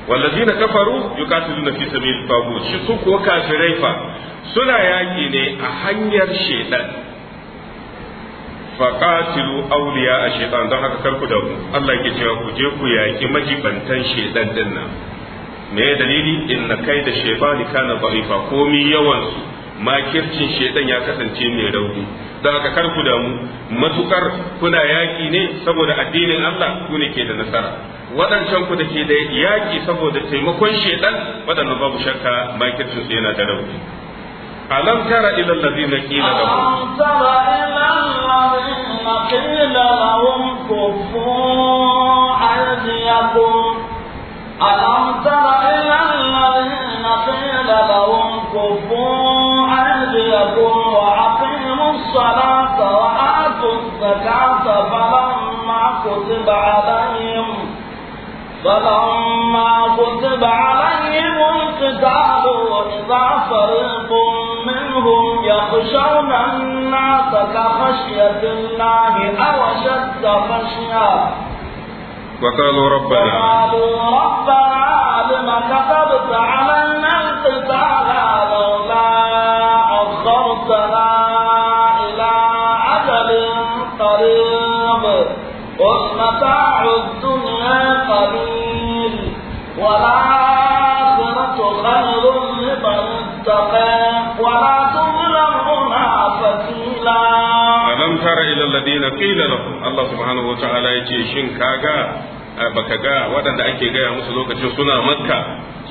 wallazina kafaru yuqatiluna fi sabilillah shi su kuwa kafirai fa suna yaki ne a hanyar shaytan faqatilu awliya a shaytan don haka karku da mu Allah yake cewa ku je ku yaki majibantan shaytan din nan me ya dalili inna kaida shaytani kana dha'ifa komi yawan su makircin shaytan ya kasance mai rauni don haka karku da mu matukar kuna yaƙi ne saboda addinin Allah ku ne ke da nasara waɗancan ku da ke da yaƙi saboda taimakon shaytan waɗannan babu shakka makircin su yana da rauni ألم تر إلى الذين قيل لهم ألم تر إلى الذين قيل لهم كفوا أيديكم ألم تر إلى الذين قيل لهم كفوا أيديكم وأقيموا الصلاة وآتوا الزكاة فلما كتب عليهم فلما كتب عليهم القتال وإذا فريق منهم يخشون الناس كخشية الله أو أشد خشية وقالوا ربنا وقالوا ربنا لم كتبت علينا القتال لولا أخرتنا إلى أجل قريب قل متاع الدنيا قليل والآخرة خير لمن اتقى ولا تظلمون فتيلا ألم تر إلى الذين قيل لهم الله سبحانه وتعالى يجي شن كاغا baka ga waɗanda ake gaya musu lokacin suna makka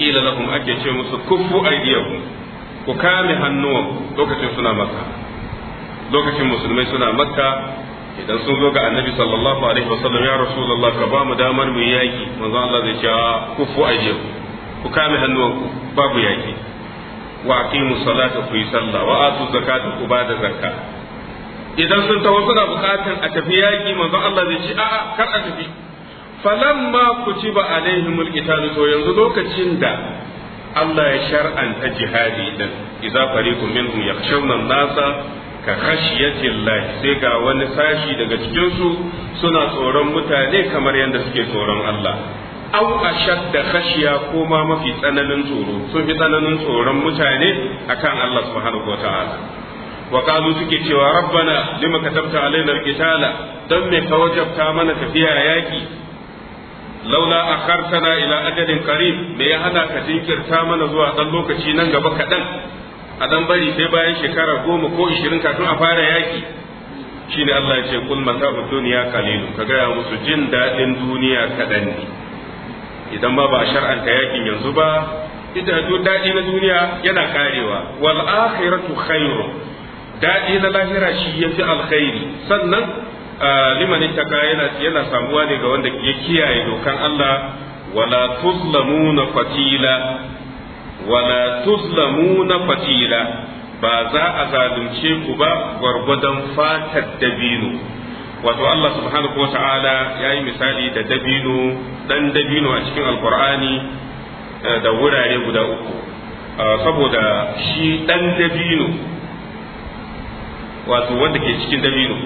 kila lahum ake ce musu kufu aydiyakum ku kame hannuwan lokacin suna makka lokacin musulmai suna makka idan sun zo ga annabi sallallahu alaihi wasallam ya rasulullah ka ba mu damar mu yaki manzo Allah zai ce ku kufu ayyaku ku kame hannuwanku babu yaki wa aqimu salata ku yi sallah wa atu zakata ku ba da zakka idan sun tawo suna bukatan a tafi yaki manzo Allah zai ce a'a kar a tafi falamma kutiba alaihimul qital to yanzu lokacin da Allah ya shar'anta jihadi dan idza fariqun minhum yakhshawna an-nasa ka khashiyatillahi sai ga wani sashi daga cikin su suna tsoron mutane kamar yadda suke tsoron Allah aw ashadda khashiya ko ma mafi tsananin tsoro sun fi tsananin tsoron mutane akan Allah subhanahu wataala wa qalu suke cewa rabbana lima katabta alaina alqitala dan me ka wajabta mana tafiya yaki laula akhartana ila ajalin qarib me ya hana ka jinkirta mana zuwa dan lokaci nan gaba kadan a dan bari sai bayan shekara goma ko ishirin kafin a fara yaki shine Allah ya ce kul duniya kalilu ka gaya musu jin daɗin duniya kaɗan ne idan ba ba shar'anta yakin yanzu ba Idan ita daɗi na duniya yana karewa wal akhiratu khairu daɗi na lahira shi yafi alkhairi sannan liman ittaka yana yana samuwa ne ga wanda ya kiyaye dokan Allah wala tuzlamuna fatila wala na fatila ba za a zalunce ku ba gwargwadon fatar dabino wato Allah subhanahu wa ta'ala ya yi misali da dabino dan dabino a cikin alkur'ani eh, da wurare guda uku ah, saboda shi dan dabino wato wanda ke cikin dabino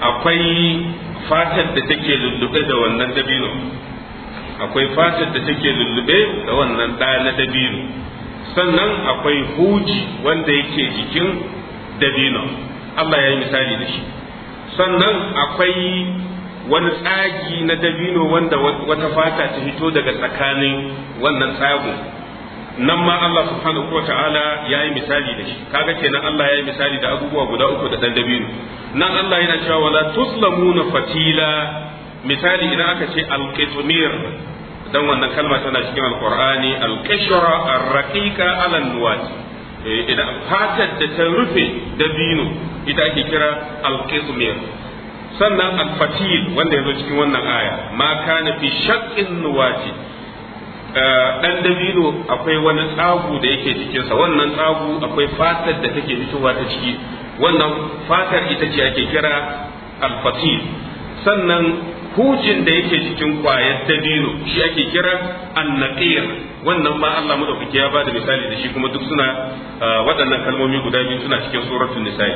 akwai fatar da take lullube da wannan dabino akwai fatar da take lullube da wannan ɗa na dabino sannan akwai huji wanda yake jikin dabino Allah ya yi misali da shi sannan akwai wani tsagi na dabino wanda wata fata ta hito daga tsakanin wannan tsago nan ma Allah subhanahu ta'ala ya yi misali da shi kaga kenan Allah ya yi misali da abubuwa guda uku da ɗan dabino nan Allah yana cewa wala tuslamuna fatila misali idan aka ce alqitmir dan wannan kalma tana cikin alqur'ani alqishra arraqiqa ala nuwat eh, idan fatar da ta rufe dabino ita ake kira alqitmir sannan alfatil wanda yazo cikin wannan aya ma kana fi shaqqin nuwati eh, dan dabino akwai wani tsagu da yake cikinsa wannan tsagu akwai fatar da take fitowa ta ciki wannan fatar ita ce ake kira alfatil sannan Hujin da yake cikin kwayar dabino shi ake kira annaqir wannan ma Allah madaukaki ya bada misali da shi kuma duk suna ah, waɗannan kalmomi guda biyu suna cikin suratul nisa'i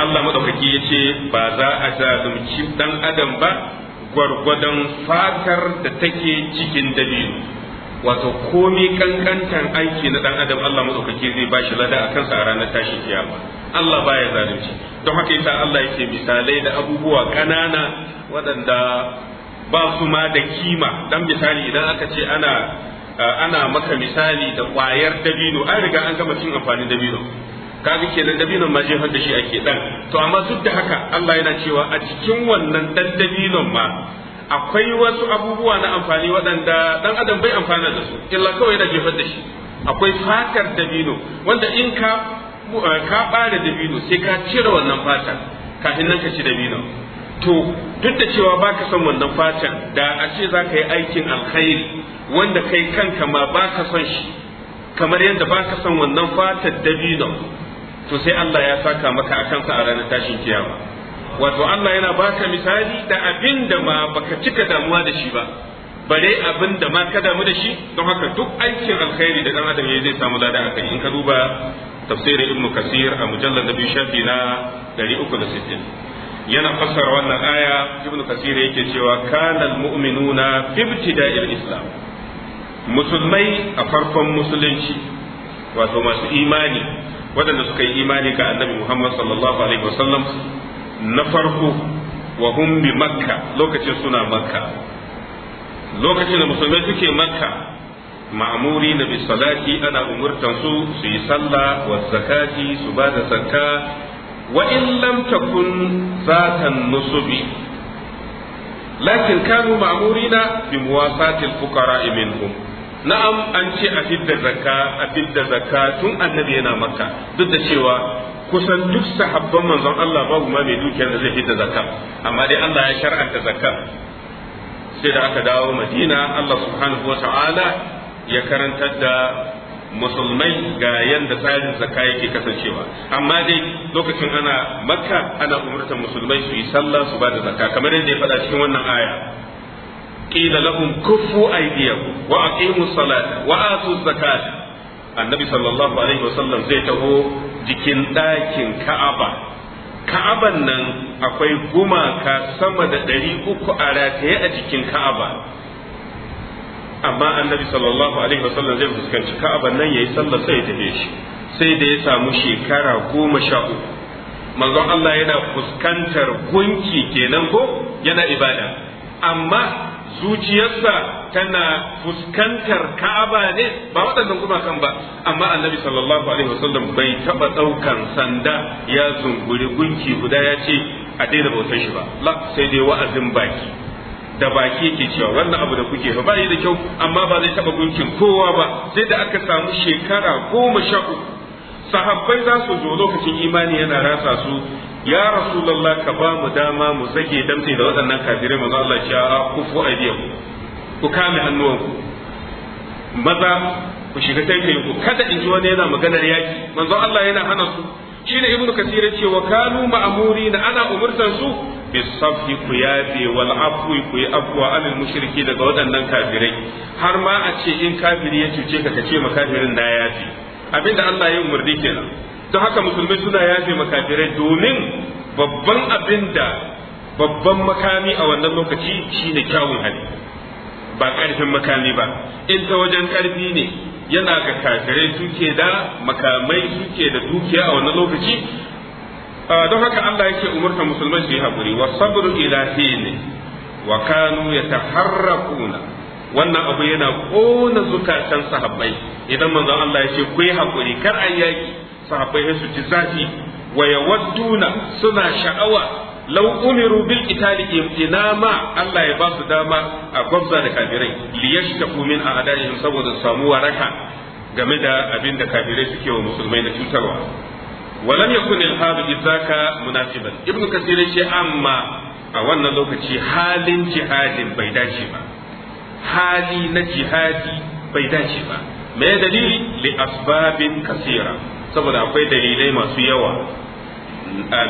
Allah madaukaki ya ce ba za a zalunci dan adam ba gwargwadon fatar da take cikin dabino wato komai kankantan aiki na dan adam Allah madaukake zai ba shi lada a sa a ranar tashin kiyama Allah baya zalunci don haka yasa Allah yake misalai da abubuwa kanana waɗanda ba su ma da kima dan misali idan aka ce ana ana maka misali da kwayar dabino an riga an gama cin amfanin dabino kaga kenan dabinon ma jefar da shi ake dan to amma duk da haka Allah yana cewa a cikin wannan dan dabinon ma akwai wasu abubuwa na amfani waɗanda ɗan adam bai amfana da su illa kawai yana jefar da shi akwai fatar dabino wanda in ka ka ɓare dabino sai ka cire wannan fatar kafin nan ka ci dabino to duk da cewa baka son wannan fatar da a ce za ka yi aikin alkhairi wanda kai kanka ma baka son shi kamar yadda baka son wannan fatar dabino to sai Allah ya saka maka akan sa a ranar tashin kiyama wato Allah yana baka misali da abin da ma baka cika damuwa da shi ba bare abin da ma ka damu da shi don haka duk aikin alkhairi da dan adam zai samu lada a kai in ka duba tafsirin ibnu kasir a mujallad biyu shafi na 360 yana fassara wannan aya ibnu kasir yake cewa kana almu'minuna fi ibtida'il islam musulmai a farkon musulunci wato masu imani waɗanda suka yi imani ga annabi muhammad sallallahu alaihi wasallam na farko wa hum bi makka lokacin suna makka lokacin da musulmai suke makka ma'amuri na bi salati ana umurtan su su yi sallah wa zakati su ba da zakka wa in lam takun zatan nusubi lakin kanu ma'amurina bi muwasatil fuqara minhum na'am an ce a fidda zakka a fidda zakka tun annabi yana makka duk da cewa kusan duk sahabban manzon Allah babu ma mai dukiyar da zai fita zakka amma dai Allah ya shar'anta zakka sai da aka dawo Madina Allah subhanahu wa ya karantar da musulmai ga yadda tsarin zakka yake kasancewa amma dai lokacin ana makka ana umurtar musulmai su yi sallah su ba da zakka kamar yadda ya faɗa cikin wannan aya qila lahum kuffu aydiyakum wa aqimus salata wa atuz zakata annabi sallallahu alaihi wasallam zai taho jikin ɗakin ka'aba ka'aban nan akwai gumaka sama da ɗari uku a rataye a jikin ka'aba amma annabi sallallahu alaihi wasallam zai fuskanci ka'aban nan yayi sallah sai ya tafi shi sai da ya samu shekara goma sha uku manzon Allah yana fuskantar gunki kenan ko yana ibada amma zuciyarsa tana fuskantar ka'aba ne ba waɗannan gumakan ba amma annabi sallallahu alaihi wasallam bai taɓa ɗaukan sanda ya zunguri gunki guda ya ce a daina bautar shi ba sai dai wa'azin baki da baki yake cewa wannan abu da kuke fa ba yi da kyau amma ba zai taɓa gunkin kowa ba sai da aka samu shekara goma sha uku sahabbai za su zo lokacin imani yana rasa su ya rasulullah ka ba mu dama mu zage damtse da waɗannan kafirai manzo Allah ya a kufu aidiyaku ku kame hannuwanku maza ku shiga tankayin ku kada in ji wani yana maganar yaki manzo Allah yana hana su shine ibnu kasir ce wa kanu na ana umurtan su bisafhi ku yafe wal afwi ku yi afwa alil mushriki daga waɗannan kafirai har ma a ce in kafiri ya cuce ka ka ce ma kafirin na yafi abinda Allah ya umurni kenan don haka musulmai suna yafe makafirai domin babban abinda babban makami a wannan lokaci shine kyawun hali ba karfin makami ba in ta wajen karfi ne yana ga kafirai suke da makamai suke da dukiya a wannan lokaci ah, don haka Allah yake umurta musulmai su yi haƙuri wa sabru ne wa kanu yataharraquna wannan abu yana kona zukatan sahabbai idan manzon Allah ya ce ku yi haƙuri kar a yaki sahabbai su ci zafi wa yawadduna suna sha'awa law umiru bil qitali ma Allah ya ba su dama a gwabza da kafirai li yashtaku min a'daihim saboda samu waraka game da abinda kafirai suke wa musulmai na cutarwa ولم يكن الحافظ ذاك مناسبا ابن كثير يقول amma a wannan lokaci halin jihadin bai dace ba hali na jihadi bai dace ba me dalili li asbabin kasira saboda akwai dalilai masu yawa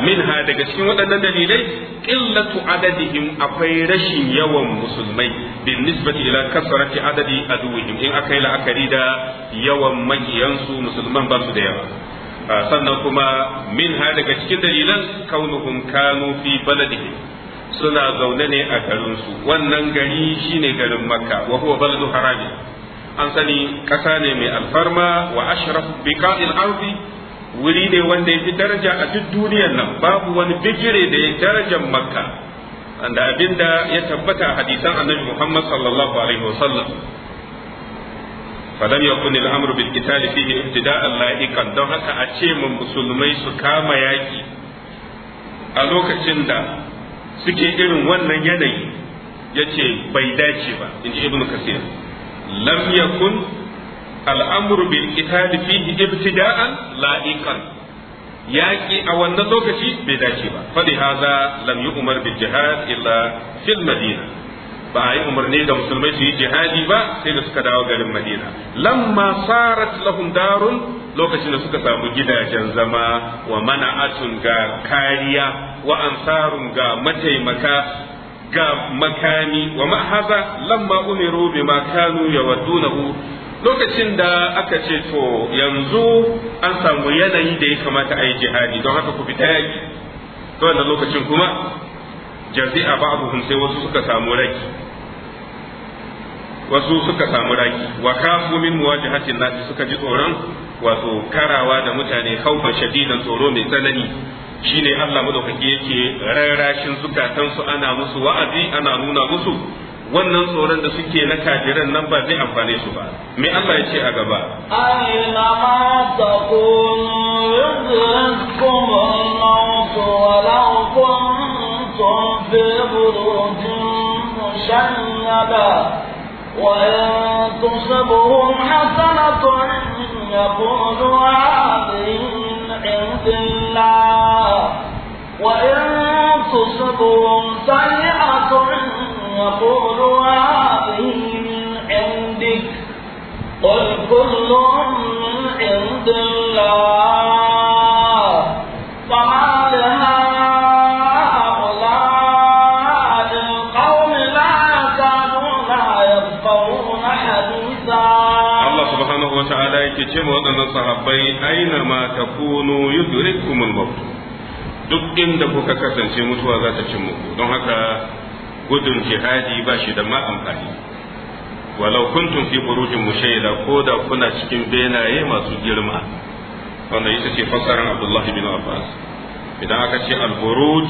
min ha daga cikin waɗannan dalilai qillatu adadihim akwai rashin yawan musulmai bin nisbati ila kasrati adadi aduwihim in akai la'akari da yawan makiyansu musulman ba su da yawa sannan kuma min ha daga cikin dalilan kaunuhum kanu fi baladihim suna zaune ne a garinsu wannan gari shine garin makka wa huwa baladu haramin an sani ƙasa ne mai alfarma wa ashraf biqa'il ardi wuri ne wanda ya fi daraja a duk duniyar nan babu wani bigire da ya darajar makka da abinda ya tabbata hadisan annabi muhammad sallallahu alaihi wasallam falam yakun al bil qital fihi ibtida'an la'iqan don haka a ce mun musulmai su kama yaki a lokacin da suke irin wannan yanayi yace bai dace ba inji ibnu kasir lam yakun al'amru bil qital fihi ibtida'an la'iqan yaƙi a wannan lokaci bai dace ba Faɗi haza lam yu'mar bil jihad illa fil ba a yi umarni da musulmai su yi jihadi ba sai da suka dawo garin madina lamma sarat lahum darun lokacin da suka samu gidajen zama wa mana'atun ga kariya wa ansarun ga mataimaka ga makami wa mahaza lamma umiru bima kanu yawaddunahu lokacin da aka ce to yanzu an samu yanayi da ya kamata a yi jihadi don haka ku fita yaki to wannan lokacin kuma jazi'a ba'dhum sai wasu suka samu raki wasu suka samu raki wa kafu min muwajihatin nasi suka ji tsoron wato karawa da mutane khawfan shadidan tsoro mai tsanani shine Allah madaukaki yake rarrashin zukatansu ana musu wa'azi ana nuna musu wannan tsoron da suke na kafiran nan ba zai amfane su ba me Allah ya ce a gaba ayyana ma takunu yudrikum al-maut wa law kuntum fi burujin mushayyada وإن تصبهم حسنة يقولوا هذه عند الله وإن تصبهم سيئة يقولوا هذه من عندك قل كل من عند الله yake ce ma waɗannan sahabbai aina ma takunu yudrikumul duk inda kuka kasance mutuwa za ta cin muku don haka gudun jihadi ba shi da ma amfani walau kuntum fi burujin mushaida ko da kuna cikin benaye masu girma wanda ita ce fassarar abdullahi bin abbas idan aka ce al-buruj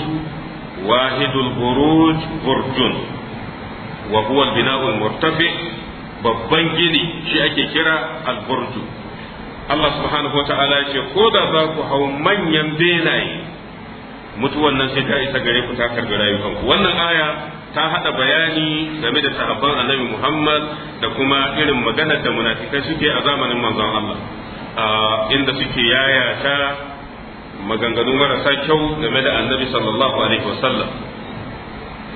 wahidul buruj burjun wa huwa al-bina'u murtafi babban gini shi ake kira alburju Allah subhanahu wata'ala ya ce ko da za ku hau manyan benaye mutuwan nan sai ta isa gare ku ta karbi rayukanku wannan aya ta hada bayani game da sahabban annabi Muhammad da kuma irin maganar da munafikai suke a zamanin manzon Allah inda suke yayata maganganu marasa kyau game da annabi sallallahu alaihi wasallam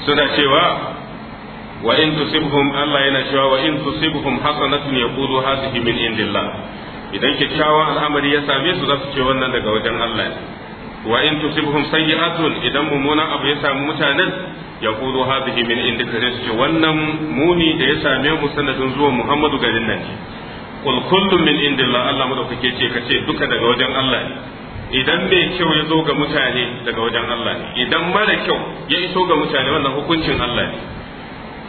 suna cewa wa in tusibhum Allah yana cewa wa in tusibhum hasanatun yaqulu hadhihi min indillah idan kyakkyawan al'amari ya same su za su ce wannan daga wajen Allah wa in tusibhum sayyi'atun idan mummunan abu ya samu mutanen yaqulu hadhihi min indillah sai ce wannan muni da ya same mu sanadin zuwa Muhammadu garin nan ne kul kullu min indillah Allah madaukake ce kace duka daga wajen Allah ne idan bai kyau ya zo ga mutane daga wajen Allah ne idan mara kyau ya iso ga mutane wannan hukuncin Allah ne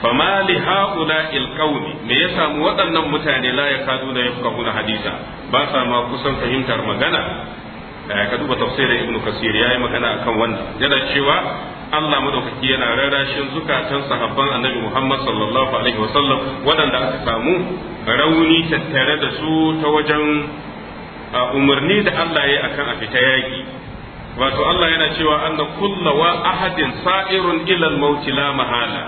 فما li haula ilqauni me ya samu waɗannan mutane la yakaduna yafqahuna hadisa ba sa ma kusan fahimtar magana eh, ka duba tafsirin ibnu kasir yayi magana yana cewa Allah madaukaki yana rarashin zukatan sahabban annabi Muhammad sallallahu alaihi wasallam waɗanda aka samu rauni tattare da su ta wajen umarni da Allah ya akan a fita yaki wato Allah yana cewa anna kullawa ahadin sa'irun ila al la mahala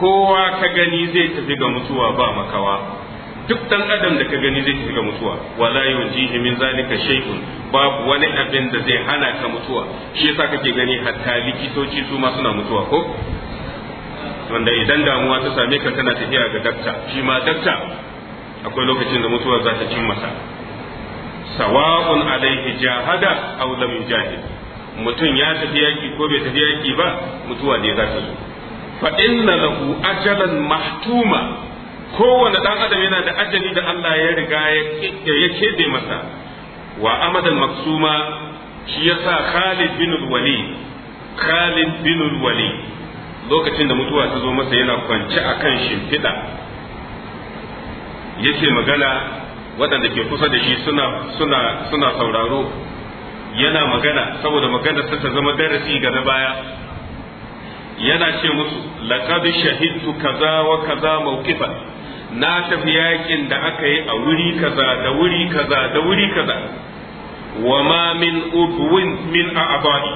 kowa ka gani zai tafi ga mutuwa ba makawa duk dan adam da ka gani zai tafi ga mutuwa wala yujihi min zalika shay'un babu wani abin da zai hana ka mutuwa shi yasa kake gani hatta likitoci su ma suna mutuwa ko wanda idan damuwa ta same ka kana tafiya ga dakta shi ma dakta akwai lokacin da mutuwa za ta cin sawa'un alaihi jahada aw lam yujahid mutum ya tafi yaki ko bai tafi yaki ba mutuwa ne za ta zo fa inna lahu ajalan mahtuma kowane ɗan adam yana da ajali da Allah ya riga ya kebe masa wa amadan maksuma shi yasa Khalid bin Walid Khalid bin Walid lokacin da mutuwa ta zo masa yana kwance akan shimfiɗa yake magana waɗanda ke kusa da shi suna suna suna sauraro yana magana saboda magana ta zama darasi ga na baya yana ce musu laqad shahidtu kaza wa kaza mawqifan na tafi yakin da aka yi a wuri kaza da wuri kaza da wuri kaza wa ma min udwin min a'dha'i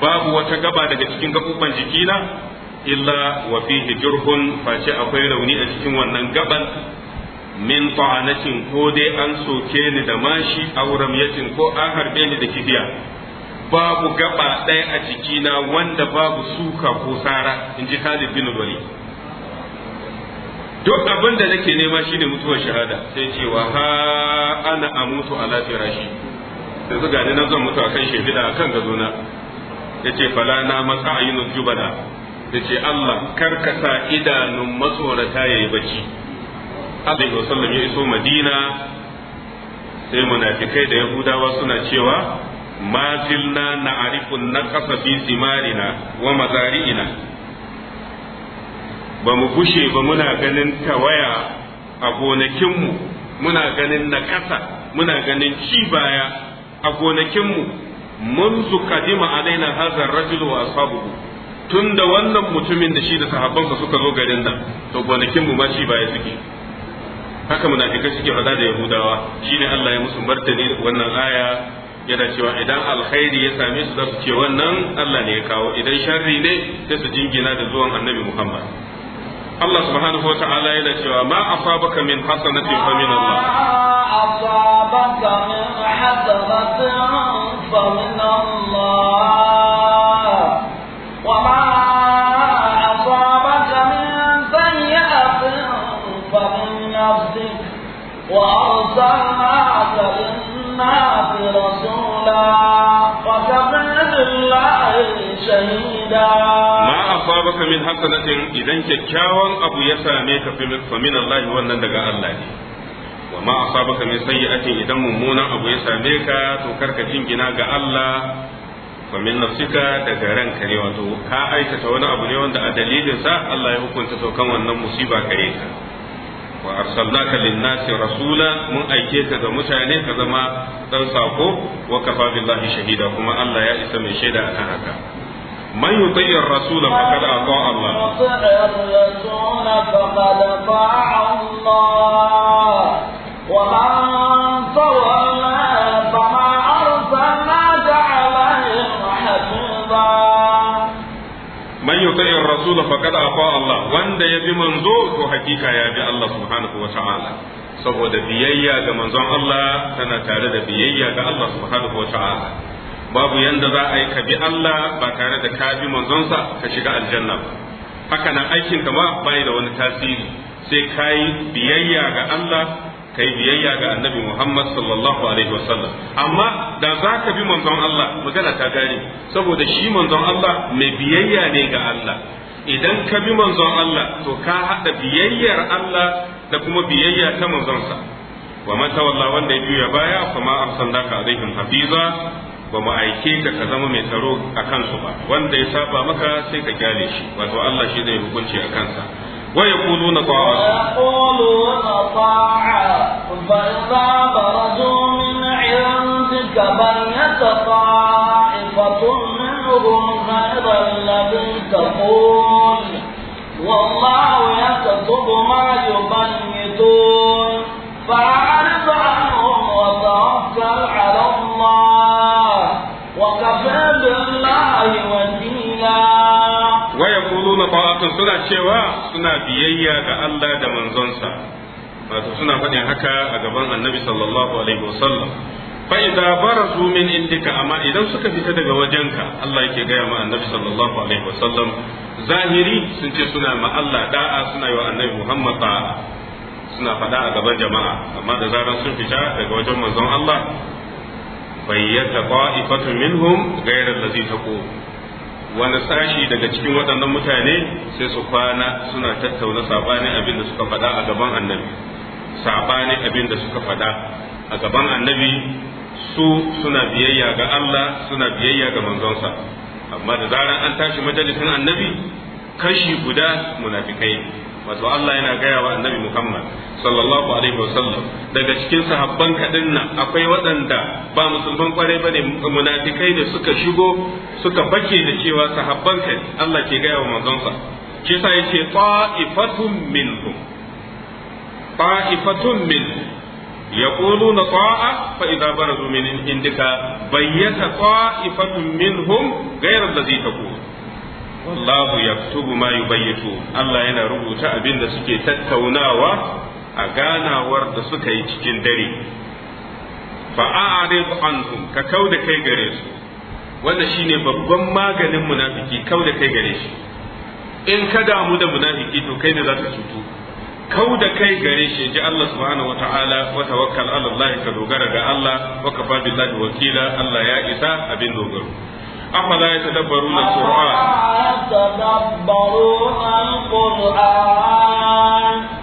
babu wata gaba daga cikin gabuban jikina illa wa fihi jurhun face akwai rauni a cikin wannan gaban min ta'anatin ko dai an soke ni da mashi auram yatin ko an harbe ni da kibiya babu gaba ɗaya a jikina wanda babu suka ko sara, in ji Khalid bin Walid duk abin da nake nema shine mutuwar shahada sai cewa ha ana amutu ala firashi yanzu ga ni na zan mutu akan shehida akan Ya yace fala na masa ayyunul jubala yace Allah karkasa idanun matsorata yayi bacci alaihi wasallam ya iso Madina sai munafikai da Yahudawa suna cewa ma زلنا نعرف النقص في ثمارنا ومزارعنا wa بمنا ba mu gushe ba muna ganin tawaya a gonakinmu muna ganin naƙasa muna ganin ci baya a gonakinmu منذ قدم علينا هذا الرجل واصحابه tun da wannan mutumin da shi da sahabbansa suka zo garin nan to gonakin mu ma shi baya suke haka munafikai suke faɗa da yahudawa shine Allah ya musu martani wannan aya yana cewa idan alkhairi ya same su za su ce wannan Allah ne ya kawo idan sharri ne sai su jingina da zuwan annabi Muhammad Allah subhanahu wa ta'ala yana cewa ma asabaka min hasanatin fa min Allah asabaka min hasanatin fa min Allah wa ma asabaka min sayyi'atin fa min nafsik wa arsalnaka الناس رسولا وكفى بالله شهيدا ما أصابك من حسنة إذا كيكاوان أبو يساميك فمن الله daga Allah ne, wa ma baka min sayyi'atin idan mummunan abu ya same ka to karka jingina ga Allah fa min nafsika daga ranka ne wato ka aikata wani abu ne wanda a dalilin sa Allah ya hukunta kan wannan musiba gare ka wa arsalnaka lin-nasi rasula mun aike ka ga mutane ka zama dan sako wa kafa billahi shahida kuma Allah ya isa mai shaida kan haka من يطيع الرسول فقد أطاع الله الرسول rasul faqad afa Allah wanda ya bi manzo to hakika ya bi Allah subhanahu wa ta'ala saboda biyayya ga manzon Allah tana tare da biyayya ga Allah subhanahu wa ta'ala babu yanda za a yi ka bi Allah ba tare da ka bi manzonsa ka shiga aljanna ba haka nan aikin ka ma bai da wani tasiri sai kai biyayya ga Allah kai biyayya ga annabi Muhammad sallallahu alaihi wasallam amma da za ka bi manzon Allah magana ta gane saboda shi manzon Allah mai biyayya ne ga Allah idan ka bi manzon Allah to ka haɗa biyayyar Allah da kuma biyayya ta manzonsa wa man tawalla wanda ya juya baya fa ma arsalnaka alaihim hafiza ba mu aike ka ka zama mai tsaro a kansu ba wanda ya saba maka sai ka kyale shi wato Allah shi zai hukunci a kansa wa yaquluna ta'a yaquluna ta'a fa idza baradu min 'indika minhum يتقون والله يكتب ما يبيتون فأعرض عنهم وتوكل على الله وكفى بالله وكيلا ويقولون طاعة سنة شواء سنة بيئة كألا دمن زنسا wato suna faɗin haka a gaban annabi sallallahu alaihi wasallam fa idza barazu min indika amma idan suka fita daga wajenka Allah yake gaya ma annabi sallallahu alaihi wasallam zahiri sun ce suna ma Allah da'a suna yi wa annabi Muhammad da'a suna faɗa a gaban jama'a amma da zaran sun fita daga wajen manzon Allah bayyata qa'ifatun minhum ghayra allazi taqul wani sashi daga cikin waɗannan mutane sai su kwana suna tattauna sabani abin da suka faɗa a gaban annabi saɓanin abin da suka faɗa a gaban annabi su suna biyayya ga Allah suna biyayya ga manzonsa amma da zarar an tashi majalisin annabi kashi guda munafikai wato Allah yana gaya wa annabi Muhammad sallallahu alaihi wasallam daga cikin sahabban kadin nan akwai waɗanda ba musulman kwarai bane munafikai da suka shigo suka fake da cewa sahabban kai, Allah ke gaya wa manzonsa shi yasa yace ta'ifatun minhum ta'ifatun minhum yaquluna ta'a fa idza barazu min indika bayyata ta'ifatun minhum ghayra allazi taqul wallahu yaktubu ma yubayyitu Allah yana rubuta abin da suke tattaunawa a ganawar da suka yi cikin dare fa a'rid anhum ka kauda kai gare su wanda shine babban maganin munafiki kauda kai gare shi in ka damu da munafiki to kai ne zaka cutu kau da kai gare shi ji Allah subhanahu wa ta'ala wa tawakkal ala Allah ka dogara ga Allah wa kafa billahi wakila Allah ya isa abin dogaro afala ya tadabbaru na qur'an tadabbaru al-qur'an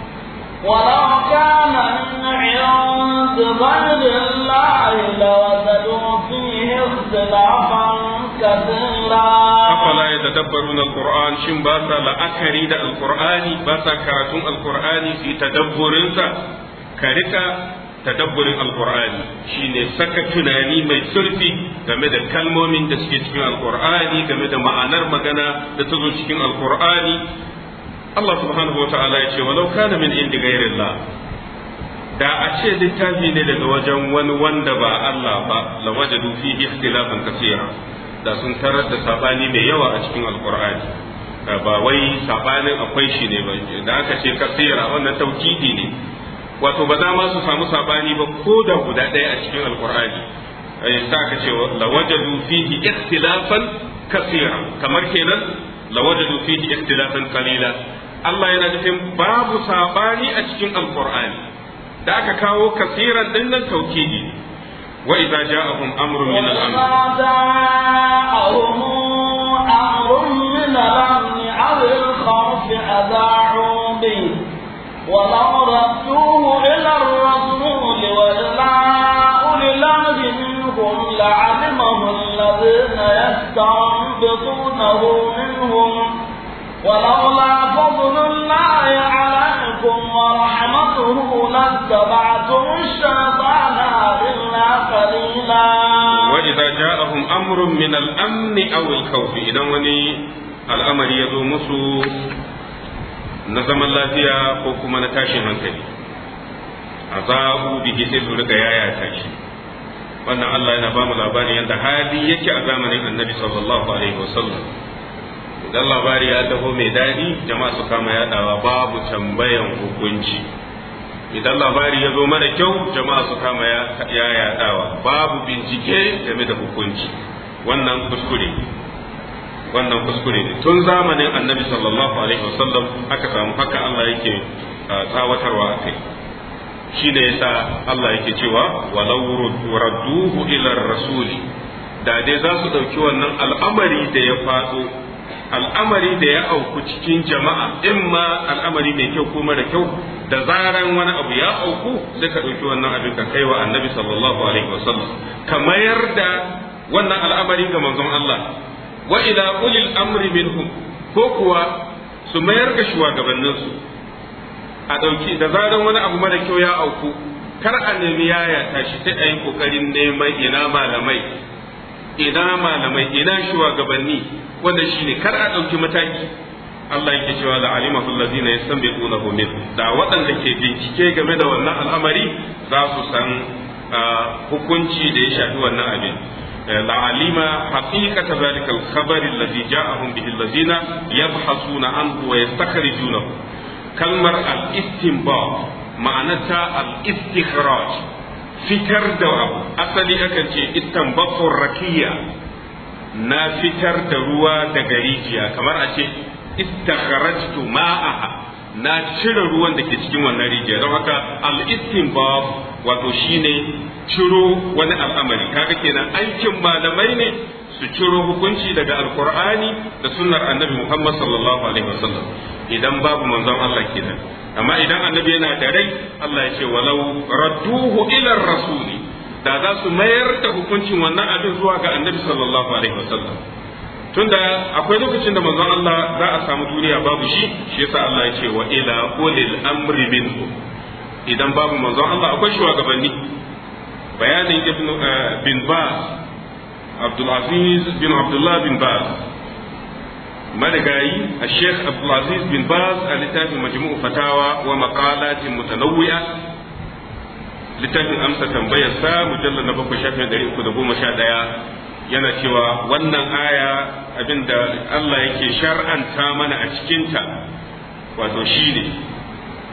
ولو كان من عند غير الله لوجدوا فيه اختلافا كثيرا أفلا يتدبرون القرآن شن باسا لأكري دا القرآن باسا كاتون القرآن في تدبر كاركا تدبر القرآن شين سكا تناني مي سلفي game da kalmomin da suke cikin alkur'ani game da ma'anar magana da ta zo cikin alkur'ani Allah subhanahu wataala ya ce walau kana min indi ghairillah da a ce littafi ne daga wajen wani wanda ba Allah ba la wajadu fihi ikhtilafan kaseera da sun tarar da sabani mai yawa a cikin alqur'ani ba wai sabanin akwai shi ne ba da aka ce kaseera wannan taukidi ne wato ba za ma su samu sabani ba ko da guda ɗaya a cikin alqur'ani eh, sai aka ce la wajadu fihi ikhtilafan kaseera kamar kenan lawajadu fihi ikhtilafan qalila Allah yana nufin babu sabani a cikin alqur'ani da aka kawo kasiran din nan tauhidi wa idza ja'ahum amrun min al-amr أو الخوف أذاعوا به ولو ردوه إلى الرسول وإلى لعلمه الذين يستنبطونه منهم ولولا فضل الله عليكم ورحمته لاتبعتم الشيطان إلا قليلا وإذا جاءهم أمر من الأمن أو الخوف إذا وني الأمر يزو مسو نظم الله فيها حكم نتاشي هنكلي أضاءوا به سيسو لك يا يا تاشي wannan Allah yana ba mu labari yadda hali yake a zamanin annabi sallallahu alaihi wasallam idan labari ya taho mai daɗi jama'a su kama yaɗawa babu tambayan hukunci idan labari ya zo mara kyau jama'a su kama ya yaɗawa babu bincike game da hukunci wannan kuskure wannan kuskure ne tun zamanin annabi sallallahu alaihi wasallam aka samu haka Allah yake ah, tsawatarwa a kai shi ne yasa Allah yake cewa walau radduhu ila rasuli da dai za su ɗauki wannan al'amari da ya faɗo al'amari da ya auku cikin jama'a in ma al'amari mai kyau ko mara kyau da zaran wani abu ya auku sai ka ɗauki wannan abin ka kaiwa annabi sallallahu alaihi wasallam ka mayar da wannan al'amari ga manzon Allah wa ila ulil amri minhum ko kuwa su mayar ga shugabanninsu a ɗauki da zaran wani abu mara kyau ya auku kar a nemi yaya tashi sai a yi kokarin neman ina malamai ina malamai ina shugabanni wanda ne kar a ɗauki mataki Allah yake cewa la alimahu allazina yastanbiqunahu min da waɗanda ke bincike game da wannan al'amari za su san hukunci da ya shafi wannan abin la alima haqiqata zalika al-khabar alladhi ja'ahum bihi allazina yabhasuna anhu wa yastakhrijunahu kalmar al ma'anata ma'anarta fitar da abu asali akan ce istanbabur rakiya na fitar da ruwa daga rijiya kamar a ce istakhrajtu ma'aha na cire ruwan da ke cikin wannan rijiya don haka al-istinbab wato shine ciro wani al'amari kaga kenan aikin malamai ne su ciro hukunci daga alkur'ani da sunnar annabi muhammad sallallahu alaihi wasallam idan babu manzon Allah kenan amma idan annabi yana da rai Allah ya ce walau radduhu ila rasuli da za su mayar da hukuncin wannan abin zuwa ga annabi sallallahu alaihi wasallam tunda akwai lokacin da manzon Allah za a samu duniya babu shi shi yasa Allah ya ce wa ila ulil amri minhu idan babu manzon Allah akwai shugabanni bayanin ibn eh, bin Baz Abdul Aziz bin Abdullah bin Baz marigayi a Sheikh Abdul Aziz bin Baz a littafin majmu'u fatawa wa maqalatin mutanawwi'a littafin amsa tambayar sa mujallal na bakwai shafin 311 yana cewa wannan aya abinda Allah yake shar'anta mana a cikinta wato shi ne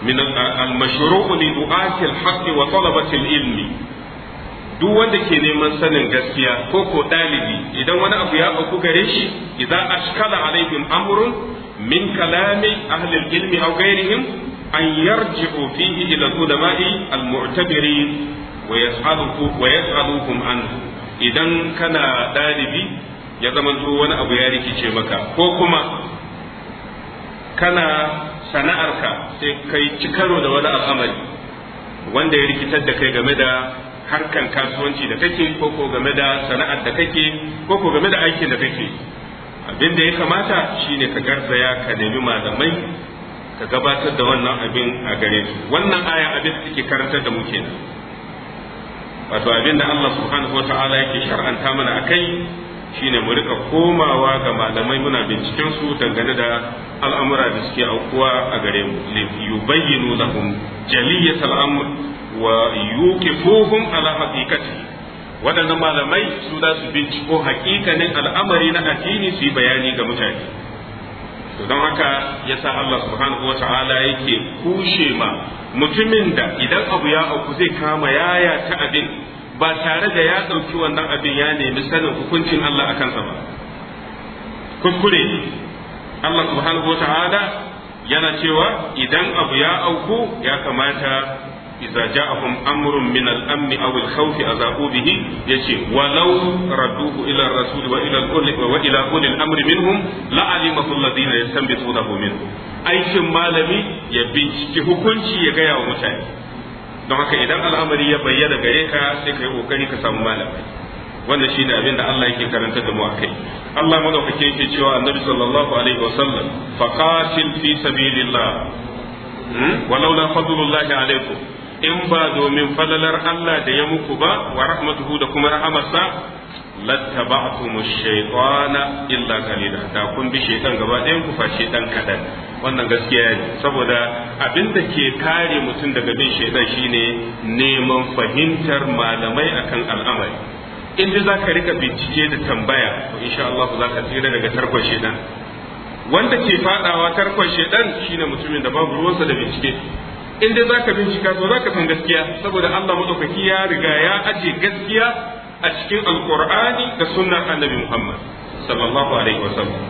min al-mashru'u li du'ati al-haqq wa talabati al-ilmi duk wanda ke neman sanin gaskiya ko ko dalibi idan wani abu ya auku gare shi idan ashkala alaihim amrun min kalami ahli al-ilmi aw ghayrihim an yarji'u fihi ila al-ulama'i al-mu'tabirin wa yas'aluhum anhu idan kana ɗalibi ya zamanto wani abu ya rikice maka ko kuma kana sana'arka sai kai ci karo da wani al'amari wanda ya rikitar da kai game da harkan kasuwanci da kake ko ko game da sana'ar da kake ko ko game da aikin da kake abin da ya kamata shine ka garzaya ka nemi malamai ka gabatar da wannan abin a gare su wannan aya abin da take karantar da mu kenan wato abinda Allah subhanahu wata'ala yake shar'anta mana a kai shine mu rika komawa ga malamai muna binciken su dangane da al'amura da suke aukuwa a gare mu yubayyinu lahum jaliyat al'amr wa yuqifuhum ala haqiqati waɗannan malamai su za su binciko haƙiƙanin al'amari na addini su yi bayani ga mutane to don haka sa Allah subhanahu wa ta’ala yake kushe ma mutumin da idan abu ya auku zai kama yaya ta abin ba tare da ya ɗauki wannan abin ya nemi sanin hukuncin Allah a kansa ba kuskure Allah subhanahu wa ta’ala yana cewa idan abu ya auku ya kamata إذا جاءهم أمر من الأمن أو الخوف أذاعوا به يجي ولو ردوه إلى الرسول وإلى وإلى أولي الأمر منهم لعلمه الذين يستنبطونه منه aikin malami ya binciki hukunci ya gaya wa mutane don haka idan al'amari ya bayyana gare ka sai ka yi kokari ka samu malamai wannan shine abin da Allah yake karanta da mu akai Allah madaukake yake cewa annabi sallallahu alaihi wasallam faqatil fi sabilillah walaula fadlullahi alaikum in ba domin falalar Allah da ya muku ba wa rahmatuhu da kuma rahamarsa lattaba'tumu shaytana illa kalida da kun bi shaytan gaba ɗayan ku fa shaytan kadan wannan gaskiya ne saboda abin da ke kare mutum daga bin shaytan shine neman fahimtar malamai akan al'amari in dai zaka rika bincike da tambaya to insha Allah ka tsira daga tarkon shaytan wanda ke fadawa tarkon shaytan shine mutumin da babu ruwansa da bincike in dai zaka bincika to zaka san gaskiya saboda Allah madaukaki ya riga ya aje gaskiya a cikin alqur'ani da sunnar annabi Muhammad sallallahu alaihi wasallam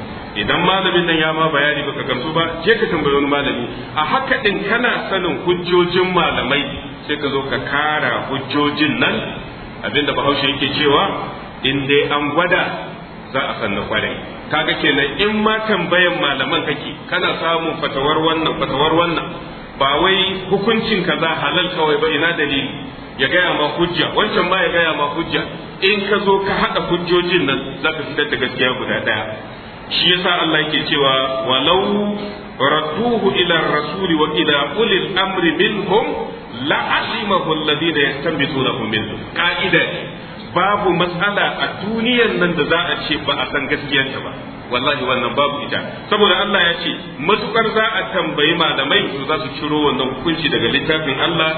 idan malamin nan ya ma bayani baka gamsu ba je ka tambayi wani malami a haka din kana sanin hujjojin malamai sai ka zo ka kara hujjojin nan abinda bahaushe yake cewa in dai an gwada za a san kwarai kaga kenan in ma tambayan malaman kake kana samun fatawar wannan fatawar wannan ba wai hukuncin kaza halal kawai ba ina dalili ya gaya ma hujja wancan ma ya gaya ma hujja in ka zo ka haɗa hujjojin nan za ka fitar da gaskiya guda ɗaya shi yasa Allah yake cewa walau radduhu ila rasuli wa ila ulil amri minhum la'alimahu alladhina yastanbituna minhum ka'ida babu matsala a duniyar nan da za a ce ba a san gaskiyarta ba wallahi wannan babu ita saboda Allah ya ce matukar za a tambayi malamai su za su ciro wannan hukunci daga littafin Allah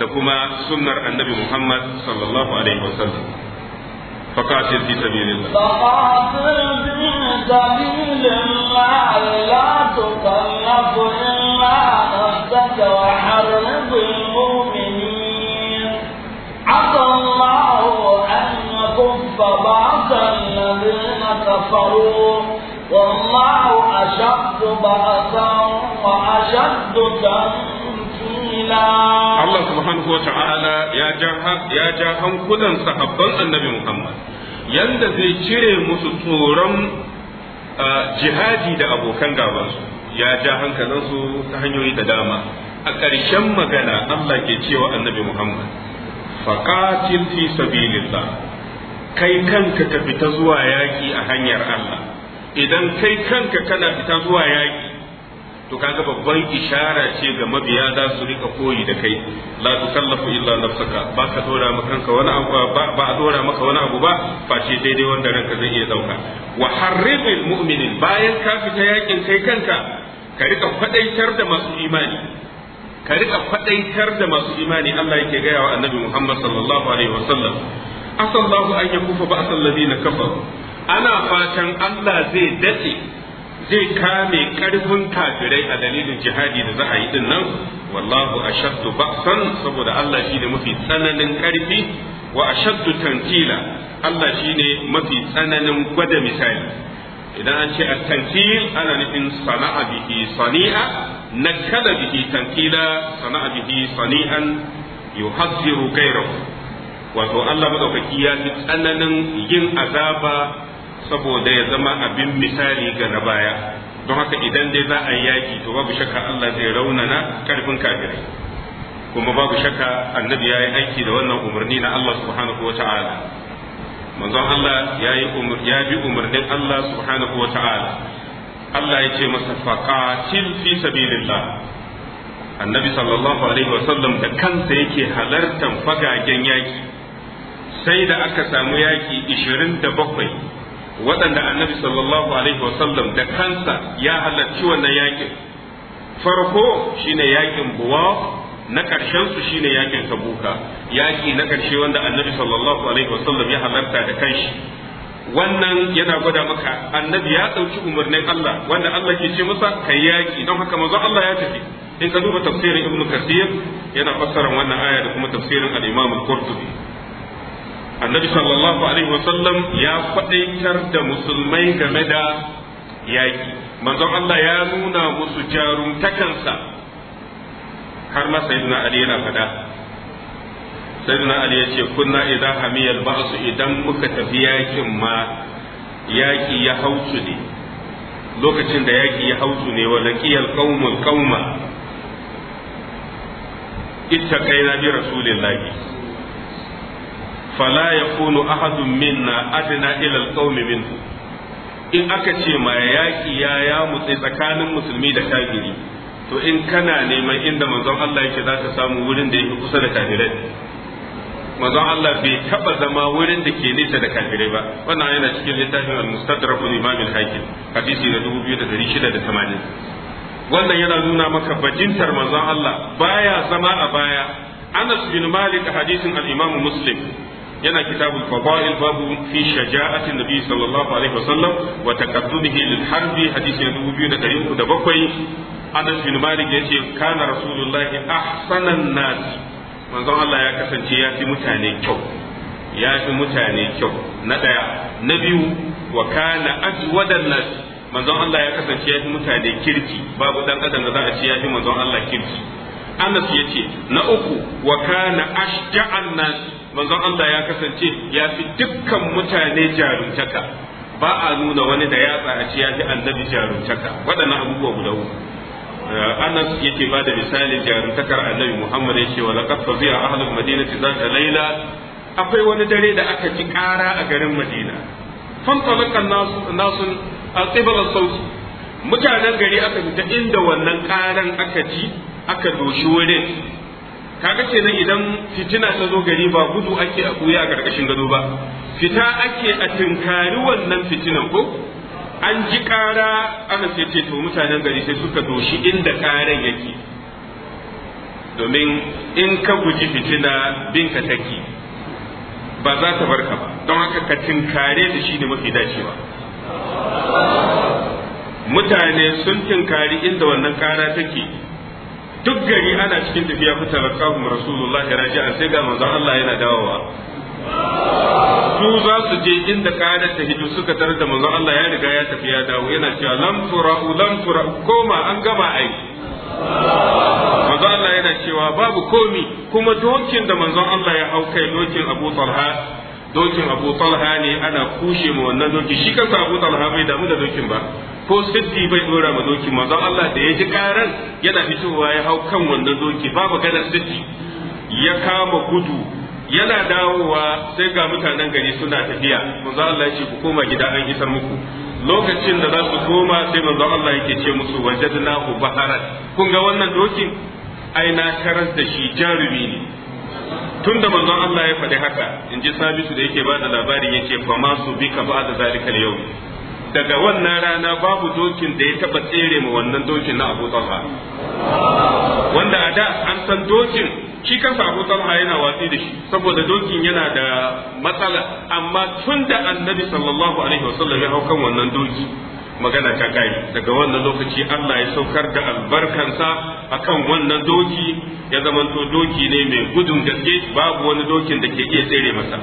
da kuma sunnar annabi Muhammad sallallahu alaihi wasallam فقاتل في سبيل الله فقاتل في سبيل الله لا تكلف نفسك فبعث الذين كفروا والله أشد بأسا وأشد تنفيلا الله سبحانه وتعالى يا جاه يا جاه كلن صحبا النبي محمد yanda zai cire musu tsoron jihadi da abokan gabansu ya ja hankalinsu ta hanyoyi da dama a ƙarshen magana Allah ke cewa annabi Muhammad faqatil fi sabilillah kai kanka ka fita zuwa yaƙi a hanyar Allah idan kai kanka kana fita zuwa yaƙi to kaga babban ishara ce ga mabiya za su rika koyi da kai la tukallafu illa nafsaka ba ka dora maka wani abu ba ba a dora maka wani abu ba face daidai wanda ranka zai iya dauka wa harribil mu'minin bayan ka fita yaƙin kai kanka ka rika kwadaitar da masu imani ka rika kwadaitar da masu imani Allah yake gaya wa annabi Muhammad sallallahu alaihi wasallam asallahu an yakufa ba asal kafaru ana fatan Allah zai dace zai kame karfin kafirai a dalilin jihadi da za a yi din nan wallahu ashaddu ba'san saboda Allah shine mafi tsananin karfi wa ashaddu tantila Allah shine mafi tsananin gwada misali idan an ce at-tantil ana nufin sana'a bihi sani'a nakala bihi tantila sana'a bihi sani'an yuhazziru ghayrahu wato Allah madaukaki ya fi tsananin yin azaba saboda ya zama abin misali ga na baya don haka idan dai za a yi yaki to babu shakka Allah zai raunana karfin kafirai kuma babu shakka annabi ya yi aiki da wannan umarni na Allah subhanahu wa ta'ala manzon Allah ya yi ya bi umarnin Allah subhanahu wa ta'ala Allah ya ce masa faqatil fi sabilillah annabi sallallahu alaihi wa sallam da kansa yake halartan fagagen yaki sai da aka samu yaki 27 waɗanda annabi sallallahu alaihi wasallam da kansa ya halarci wannan yakin farko shine yakin buwa na ƙarshen su shine yakin sabuka yaki na ƙarshe wanda annabi sallallahu alaihi wasallam ya halarta da kanshi wannan yana gwada maka annabi ya ɗauki umarnin Allah wanda Allah ke ce masa kai yaki don haka manzo Allah ya tafi in ka duba tafsirin ibnu kasir yana fassara wannan aya da kuma tafsirin al-imam al-qurtubi annabi sallallahu alaihi wasallam ya faɗaitar da musulmai game da yaƙi manzon Allah ya nuna musu jarumtakansa har ma sayyidina Ali yana faɗa sayyidina Ali ya ce kunna idza hamiyal ba'su idan muka tafi yaƙin ma yaƙi ya hausu ne lokacin da yaƙi ya hausu ne wa laqiyal qaumul qauma ittaqaina bi rasulillahi fala yakunu ahadun minna adna ila alqawmi minhu in aka ce ma yaki ya ya mutse tsakanin musulmi da kafiri to in kana neman inda manzon Allah yake zaka samu wurin da yake kusa da kafirai manzon Allah bai taɓa zama wurin da ke nesa da kafirai ba wannan yana cikin littafin al-mustadrak imam al-hakim hadisi na 2680 wannan yana nuna maka bajintar manzon Allah baya zama a baya Anas bin Malik hadisin al Muslim yana kitabul fadail babu fi shaja'atin nabi sallallahu alaihi wasallam wa takaddumihi lil harbi hadisi 2307 Anas bin Malik yace kana rasulullahi ahsanan nas manzon Allah ya kasance ya fi mutane kyau ya fi mutane kyau na daya na biyu wa kana ajwadan nas manzon Allah ya kasance ya fi mutane kirki babu dan adam da za a ce ya fi manzon Allah kirki Anas yace na uku wa kana ashja'an nas manzon Allah ya kasance ya fi dukkan mutane jaruntaka ba a nuna wani da yatsa a ce ya fi annabi jaruntaka waɗannan abubuwa guda uku eh, Anas yake ba da misali jaruntakar annabi Muhammad ya ce wa laqad fazi'a ahlul madinati zata laila akwai wani dare da aka ji ƙara a garin Madina fantalaqan nasu al-qibla sauti mutanen gari aka fita inda wannan ƙaran aka ji aka doshi wurin kaga kenan idan fitina ta zo gari ba gudu ake a kuya a karkashin gado ba fita ake a tinkari wannan fitinan ko an ji kara aka ce ce to mutanen gari sai suka doshi inda karan yake domin in ka guji fitina bin ka take ba za ta barka ba don haka ka tinkare da shi ne mafi dacewa mutane sun tinkari inda wannan kara take duk gari ana cikin tafiya fa talaqahum rasulullah raji'an sai ga manzon Allah yana dawowa su za su je inda kayan ta hiju suka tarar da manzon Allah ya riga ya tafi ya dawo yana cewa lam tura lam tura." koma an gama ai manzon Allah yana cewa babu komi kuma dokin da manzon Allah ya hau kai dokin Abu Talha dokin Abu Talha ne ana kushe mu wannan doki shi kansa Abu Talha bai damu da dokin ba ko siddi bai dora ma doki manzon Allah da ya ji karan yana fitowa ya hau kan wannan doki Babu maganar siddi ya kama gudu yana dawowa sai ga mutanen gari suna tafiya manzon Allah ya ce ku koma gida an isa muku lokacin da za su koma sai manzon Allah yake ce musu wajadnahu baharan kun ga wannan dokin ai na karar da shi jarumi ne tun da manzon Allah ya faɗi haka in ji sabisu da yake ba da labari yake fa ma su bika ba da zalikal yau daga wannan rana babu dokin da ya taba tsere ma wannan dokin na Abu Talha wanda a da an san dokin shi kansa Abu Talha yana watsi da shi saboda dokin yana da matsala amma tun da Annabi sallallahu alaihi wasallam ya hau kan wannan doki magana ta kai daga wannan lokaci Allah ya saukar da albarkansa akan wannan doki ya zamanto doki ne mai gudun gaske babu wani dokin da ke iya tsere masa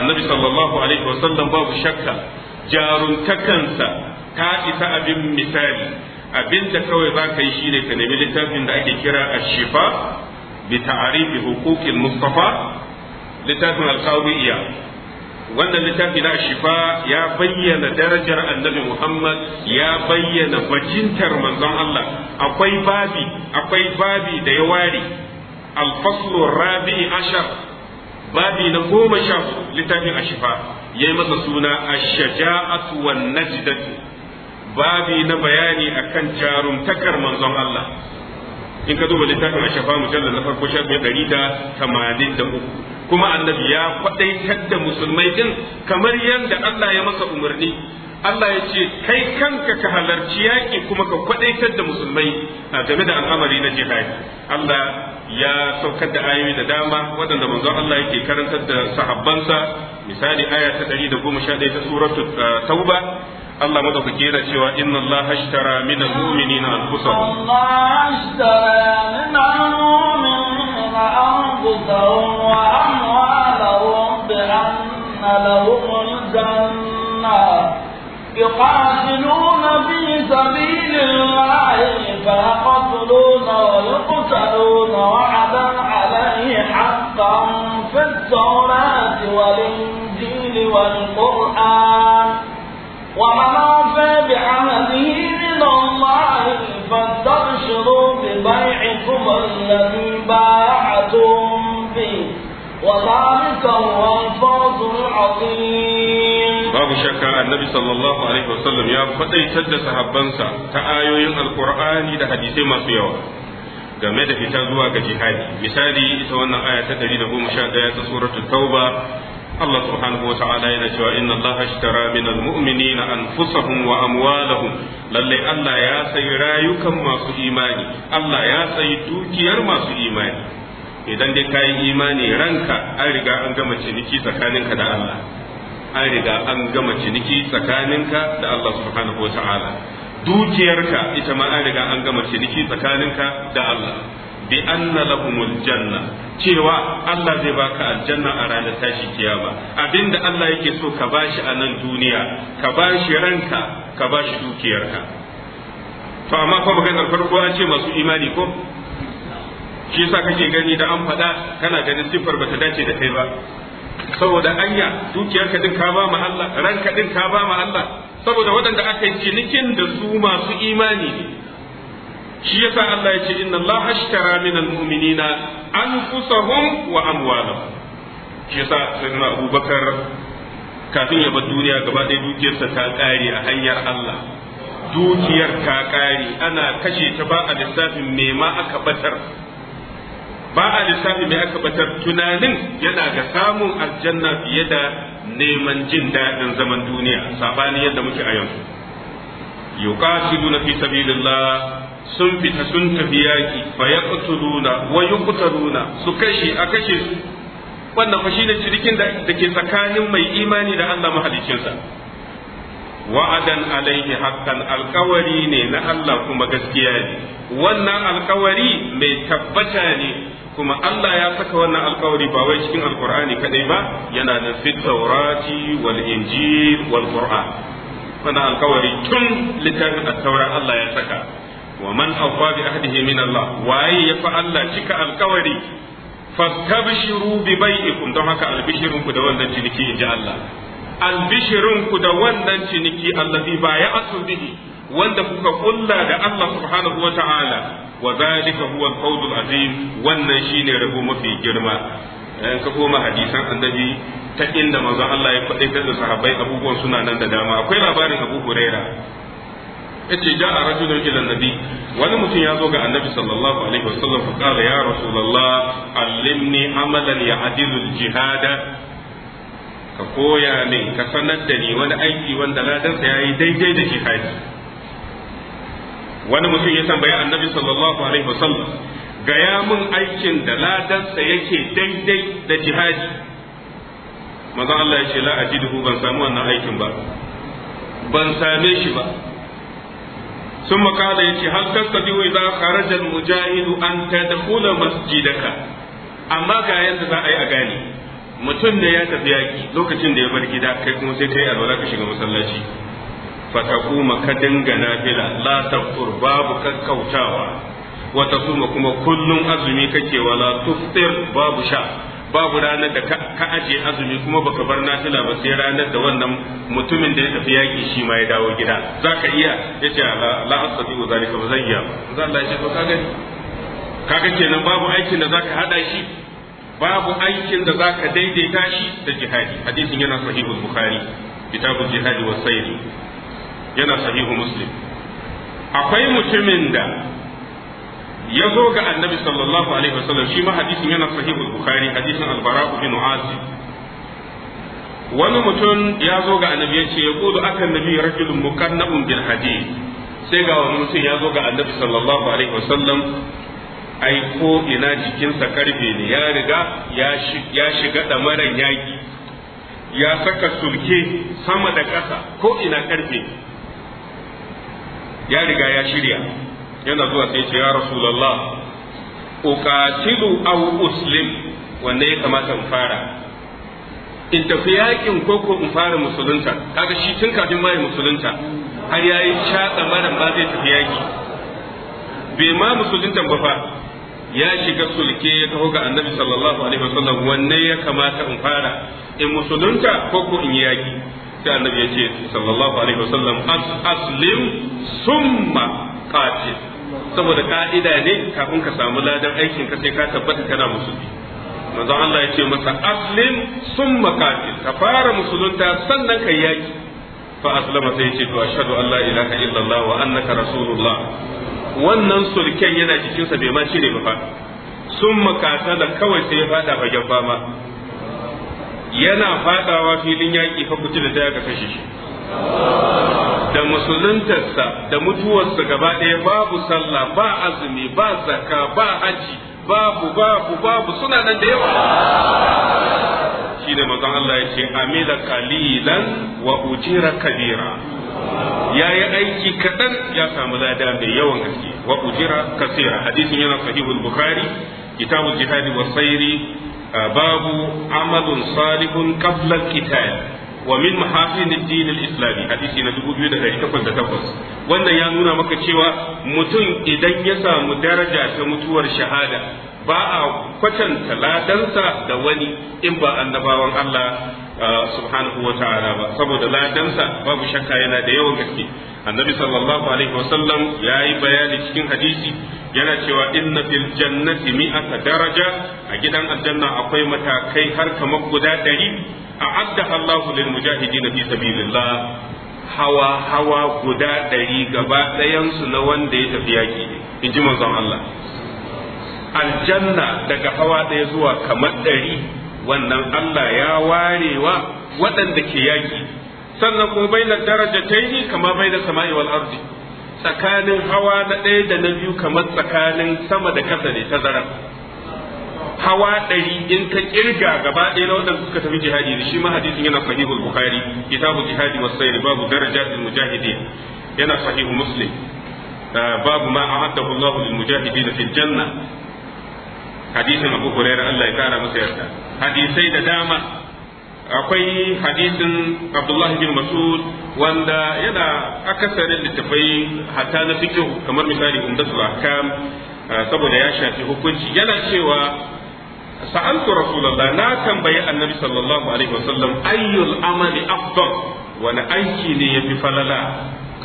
annabi sallallahu alaihi wasallam babu shakka jaruntakansa ta isa abin misali abinda kawai za ka yi ne ka nemi littafin da ake kira ashifa bi ta'arifi hukukin mustafa littafin alqawiyya wannan littafi na shifa ya bayyana darajar annabi Muhammad ya bayyana bajintar manzon Allah akwai babi akwai babi da ya ware alfaslu ashar babi na goma sha littafin ashifa yayi masa suna ash-shaja'atu wan najdatu babi na bayani akan jarumtakar manzon Allah in ka duba littafin ashafa mujallal na farko shafi ɗari da tamanin da uku kuma annabi ya da musulmai din kamar yadda Allah ya masa umarni Allah ya ce kai kanka ka halarci yaƙi kuma ka kwaɗaitar da musulmai game da al'amari na jihadi Allah ya saukar da ayoyi da dama waɗanda manzon Allah yake karantar da sahabbansa misali aya ta 111 ta suratu ah, tauba Allah madaukake yana cewa inna Allah ashtara min al-mu'minina anfusahum Allah ashtara min al-mu'minina anfusahum wa amwalahum bi anna lahum al-jannah يقاتلون في سبيل الله فيقتلون ويقتلون وعدا عليه حقا في التوراة والإنجيل والقرآن ومن أوفى بعمله من الله فاستبشروا ببيعكم الذي بايعتم به وذلك هو الفوز العظيم babu shakka annabi sallallahu alaihi wasallam ya faɗaitar da sahabbansa ta ayoyin alkur'ani da hadisai masu yawa game da fita zuwa ga jihadi misali ita wannan aya ta 111 ta suratul tauba Allah subhanahu wa ta'ala yana cewa inna Allah ashtara min almu'minina anfusahum wa amwalahum lalle Allah ya sayi rayukan masu imani Allah ya sayi dukiyar masu imani idan dai kayan imani ranka an riga an gama ciniki tsakaninka da Allah an riga an gama ciniki tsakaninka da Allah subhanahu wa ta'ala dukiyarka ita ma an riga an gama ciniki tsakaninka da Allah bi anna lahumul janna cewa Allah zai baka aljanna a ranar tashi kiyama abinda Allah yake so ka bashi a nan duniya ka bashi ranka ka bashi dukiyarka to amma fa maganar farko an ce masu imani ko shi yasa kake gani da an faɗa kana ganin siffar bata dace da kai ba saboda anya dukiyarka din ka ba ma Allah ranka din ka ba ma Allah saboda waɗanda aka yi cinikin da su masu imani ne shi yasa Allah ya ce inna Allah ashtara min almu'minina anfusahum wa amwalahum shi yasa sayyidina Abubakar kafin ya bar duniya gaba ɗaya dukiyarsa ta ƙare a hanyar Allah dukiyar ta ƙare ana kashe ta ba a lissafin me ma aka batar ba a lissafi mai aka batar tunanin yana ga samun aljanna fiye da neman jin daɗin zaman duniya sabani yadda muke a yanzu yuqatiluna fi sabilillah sun fita sun tafi yaki fa yaqtuluna wa yuqtaluna su kashe a kashe su wannan fa shine da ke tsakanin mai imani da Allah mahaliccinsa wa'adan alaihi haqqan alkawari ne na Allah kuma gaskiya ne wannan alkawari mai tabbata ne kuma Allah ya saka wannan alkawari ba wai cikin alkur'ani kadai ba yana da fit taurati wal injil wal qur'an wannan alkawari tun littafin at-taura Allah ya saka wa man awfa bi ahdihi min Allah waye ya fa Allah cika alkawari fastabshiru bi bai'ikum don haka albishirun ku da wannan ciniki inji Allah albishirun ku da wannan ciniki allazi baya'atu bihi wanda kuka kulla da Allah subhanahu wa ta'ala wa zalika huwa azim wannan shine rabo mafi girma in ka koma hadisan annabi ta inda manzon Allah ya faɗaitar da sahabai abubuwan suna nan da dama akwai labarin Abu Huraira yace ja a rajulun ila nabi wani mutum ya zo ga annabi sallallahu alaihi wasallam fa qala ya rasulullah allimni amalan ya'dilu al-jihada ka koya min ka sanar da ni wani aiki wanda ladansa yayi daidai da jihadi wani mutum ya tambaya annabi sallallahu alaihi wasallam gaya mun aikin da ladansa yake daidai da jihadi maza Allah ya ce la ajiduhu ban samu wannan aikin ba ban same shi ba sun makala ya ce hal tastadiu idza kharaja al-mujahidu an ta tadkhula masjidaka amma ga yadda za a yi a gane mutum da ya tafi yaki lokacin da ya bar gida kai kuma sai kai alwala ka shiga masallaci fatakuma ka dinga nafila la tafur babu kakkautawa wa tasuma kuma kullum azumi kake wala tuftir babu sha babu ranar da ka aje azumi kuma baka bar nafila ba sai ranar da wannan mutumin da ya tafi yaki shi ma ya dawo gida zaka iya yace la asati wa zalika ba zan iya zan Allah ya Ka kaga kaga kenan babu aikin da zaka hada shi babu aikin da zaka daidaita shi da jihadi hadisin yana sahihul bukhari kitabul jihadi wa sayyid yana sahihu muslim akwai mutumin da ya zo ga annabi sallallahu alaihi wasallam shi ma hadisin yana sahihu bukhari hadisin albara bin azib wani mutum ya zo ga annabi ya ce ya kudu akan nabi rajulun mukannabun bil hadid sai ga wani mutum ya zo ga annabi sallallahu alaihi wasallam ai ko ina jikinsa karfe ne ya riga ya shiga damaran yaki ya saka sulke sama da ƙasa ko ina karfe ya riga ya shirya yana zuwa sai ce ya rasulullah uqatilu aw uslim wanda ya kamata in fara in tafi yakin ko in fara musulunta kaga shi tun kafin ma musulunta har yayi shaka maran ba zai tafi yaki bai ma musulunta ba fa ya shiga sulke ya taho ga annabi sallallahu alaihi wasallam wanne ya kamata in fara in musulunta ko ko in yaki sai annabi ya ce sallallahu alaihi wasallam as aslim summa qatil saboda ka'ida ne kafin ka samu ladan aikin ka sai ka tabbata kana musulmi manzon Allah ya ce masa aslim summa qatil ka fara musulunta sannan ka yaki fa aslama sai ya ce to ashhadu an la ilaha illallah wa annaka rasulullah wannan sulken yana cikinsa bai ma cire ba fa sun makata da kawai sai ya fada fagen fama yana fadawa filin yaki fa kuci da kasashe. ka shi da musuluntarsa da mutuwarsa gaba ɗaya babu sallah ba azumi ba zakka ba haji babu babu babu suna nan da yawa shi ne mazan Allah ya ce amila kalilan wa ujira kabira ya yi aiki kaɗan ya samu lada mai yawan gaske wa ujira kasira hadisin yana sahihul bukhari kitabul jihadi wa sairi babu عمل صالح قبل al ومن wa الدين الاسلامي ad islami na 2808 wannan ya nuna maka cewa mutum idan ya samu daraja ta mutuwar shahada ba a kwatanta ladansa da wani in ba annabawan Allah subhanahu wa ta'ala ba saboda ladansa babu shakka yana da yawan gaske annabi sallallahu alaihi wasallam ya yi bayani cikin hadisi yana cewa inna fil jannati mi'ata daraja a gidan aljanna akwai matakai har kamar guda ɗari a adda Allahu lil mujahidin fi sabilillah hawa hawa guda ɗari gaba ɗayansu na wanda ya tafi yaki in ji manzon Allah aljanna daga hawa ɗaya zuwa kamar ɗari wannan Allah ya warewa waɗanda ke yaki sannan kuma bai daraja ta yi kama bai da sama'i wal ardi tsakanin hawa na ɗaya da na biyu kamar tsakanin sama da kasa ne ta zarar hawa ɗari in ka kirga gaba ɗaya na waɗanda suka tafi jihadi da shi ma hadisin yana sahihul bukhari kitabu jihadi was sayr babu darajatil mujahidin yana sahihu muslim ah, babu ma a'addahu Allahu lil mujahidin fil janna hadisin Abu Hurairah Allah ya kara masa yarda hadisai da dama akwai hadisin Abdullah bin Mas'ud wanda yana akasarin littafai hatta na fikihu kamar misali inda su ahkam ah, saboda ya shafi hukunci yana cewa sa'antu rasulullah na tambayi annabi sallallahu alaihi wasallam ayyul amali afdal wani aiki ne yafi falala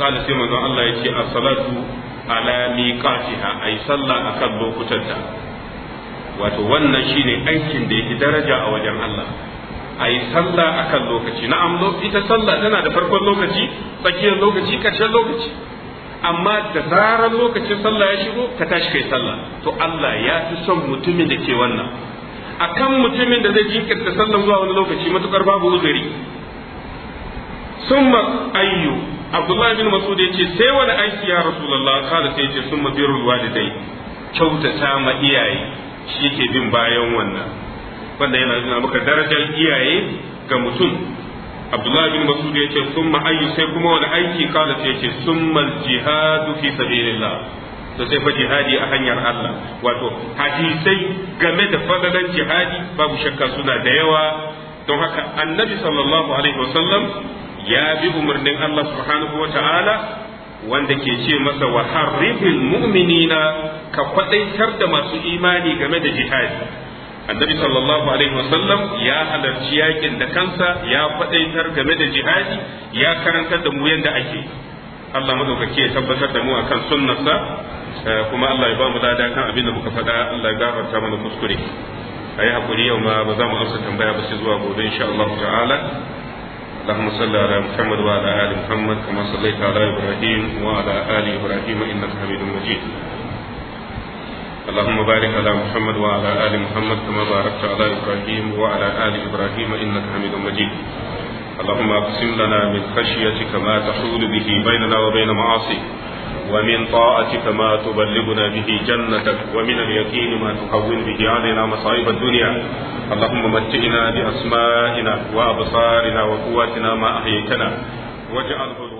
qala sai manzo Allah yace as-salatu ala miqatiha ay sallah akan lokutanta wato wannan shine aikin da yake daraja a wajen Allah a yi sallah kan lokaci na'am ita sallah tana da farkon lokaci tsakiyar lokaci karshen lokaci amma da zarar lokacin sallah ya shigo ka tashi kai sallah to Allah ya fi son mutumin da ke wannan akan mutumin da zai jinkirta sallar zuwa wani lokaci matukar babu uzuri summa ayyu abdullahi bin masud yace sai wani aiki ya rasulullah kada sai yace summa birrul walidai kyautata ma iyaye shi ke bin bayan wannan wanda yana nuna maka darajar iyaye ga mutum abdullahi bin masud ya ce summa ayyu sai kuma wani aiki kala ta ce summa jihadu fi sabilillah to sai fa jihadi a hanyar Allah wato hadisai game da fadalan jihadi babu shakka suna da yawa don haka annabi sallallahu alaihi wasallam ya bi umarnin Allah subhanahu wa ta'ala wanda ke ce masa wa harribil mu'minina ka kwadaitar da masu imani game da jihadi annabi sallallahu alaihi wasallam ya halarci yakin da kansa ya kwadaitar game da jihadi ya karantar da mu yadda ake Allah madaukake ya tabbatar da mu akan sunnarsa eh, kuma Allah ya ba mu lada kan abin da muka faɗa Allah ya gafarta mana kuskure ayi hakuri yau ma ba za mu amsa tambaya ba sai zuwa gobe insha Allah ta'ala اللهم صل على محمد وعلى ال محمد كما صليت على ابراهيم وعلى ال ابراهيم انك حميد مجيد اللهم بارك على محمد وعلى ال محمد كما باركت على ابراهيم وعلى ال ابراهيم انك حميد مجيد اللهم اقسم لنا من خشيتك ما تحول به بيننا وبين معاصيك ومن طاعتك ما تبلغنا به جنتك ومن اليقين ما تهون به علينا مصائب الدنيا اللهم متئنا بأسمائنا وأبصارنا وقواتنا ما أحييتنا واجعله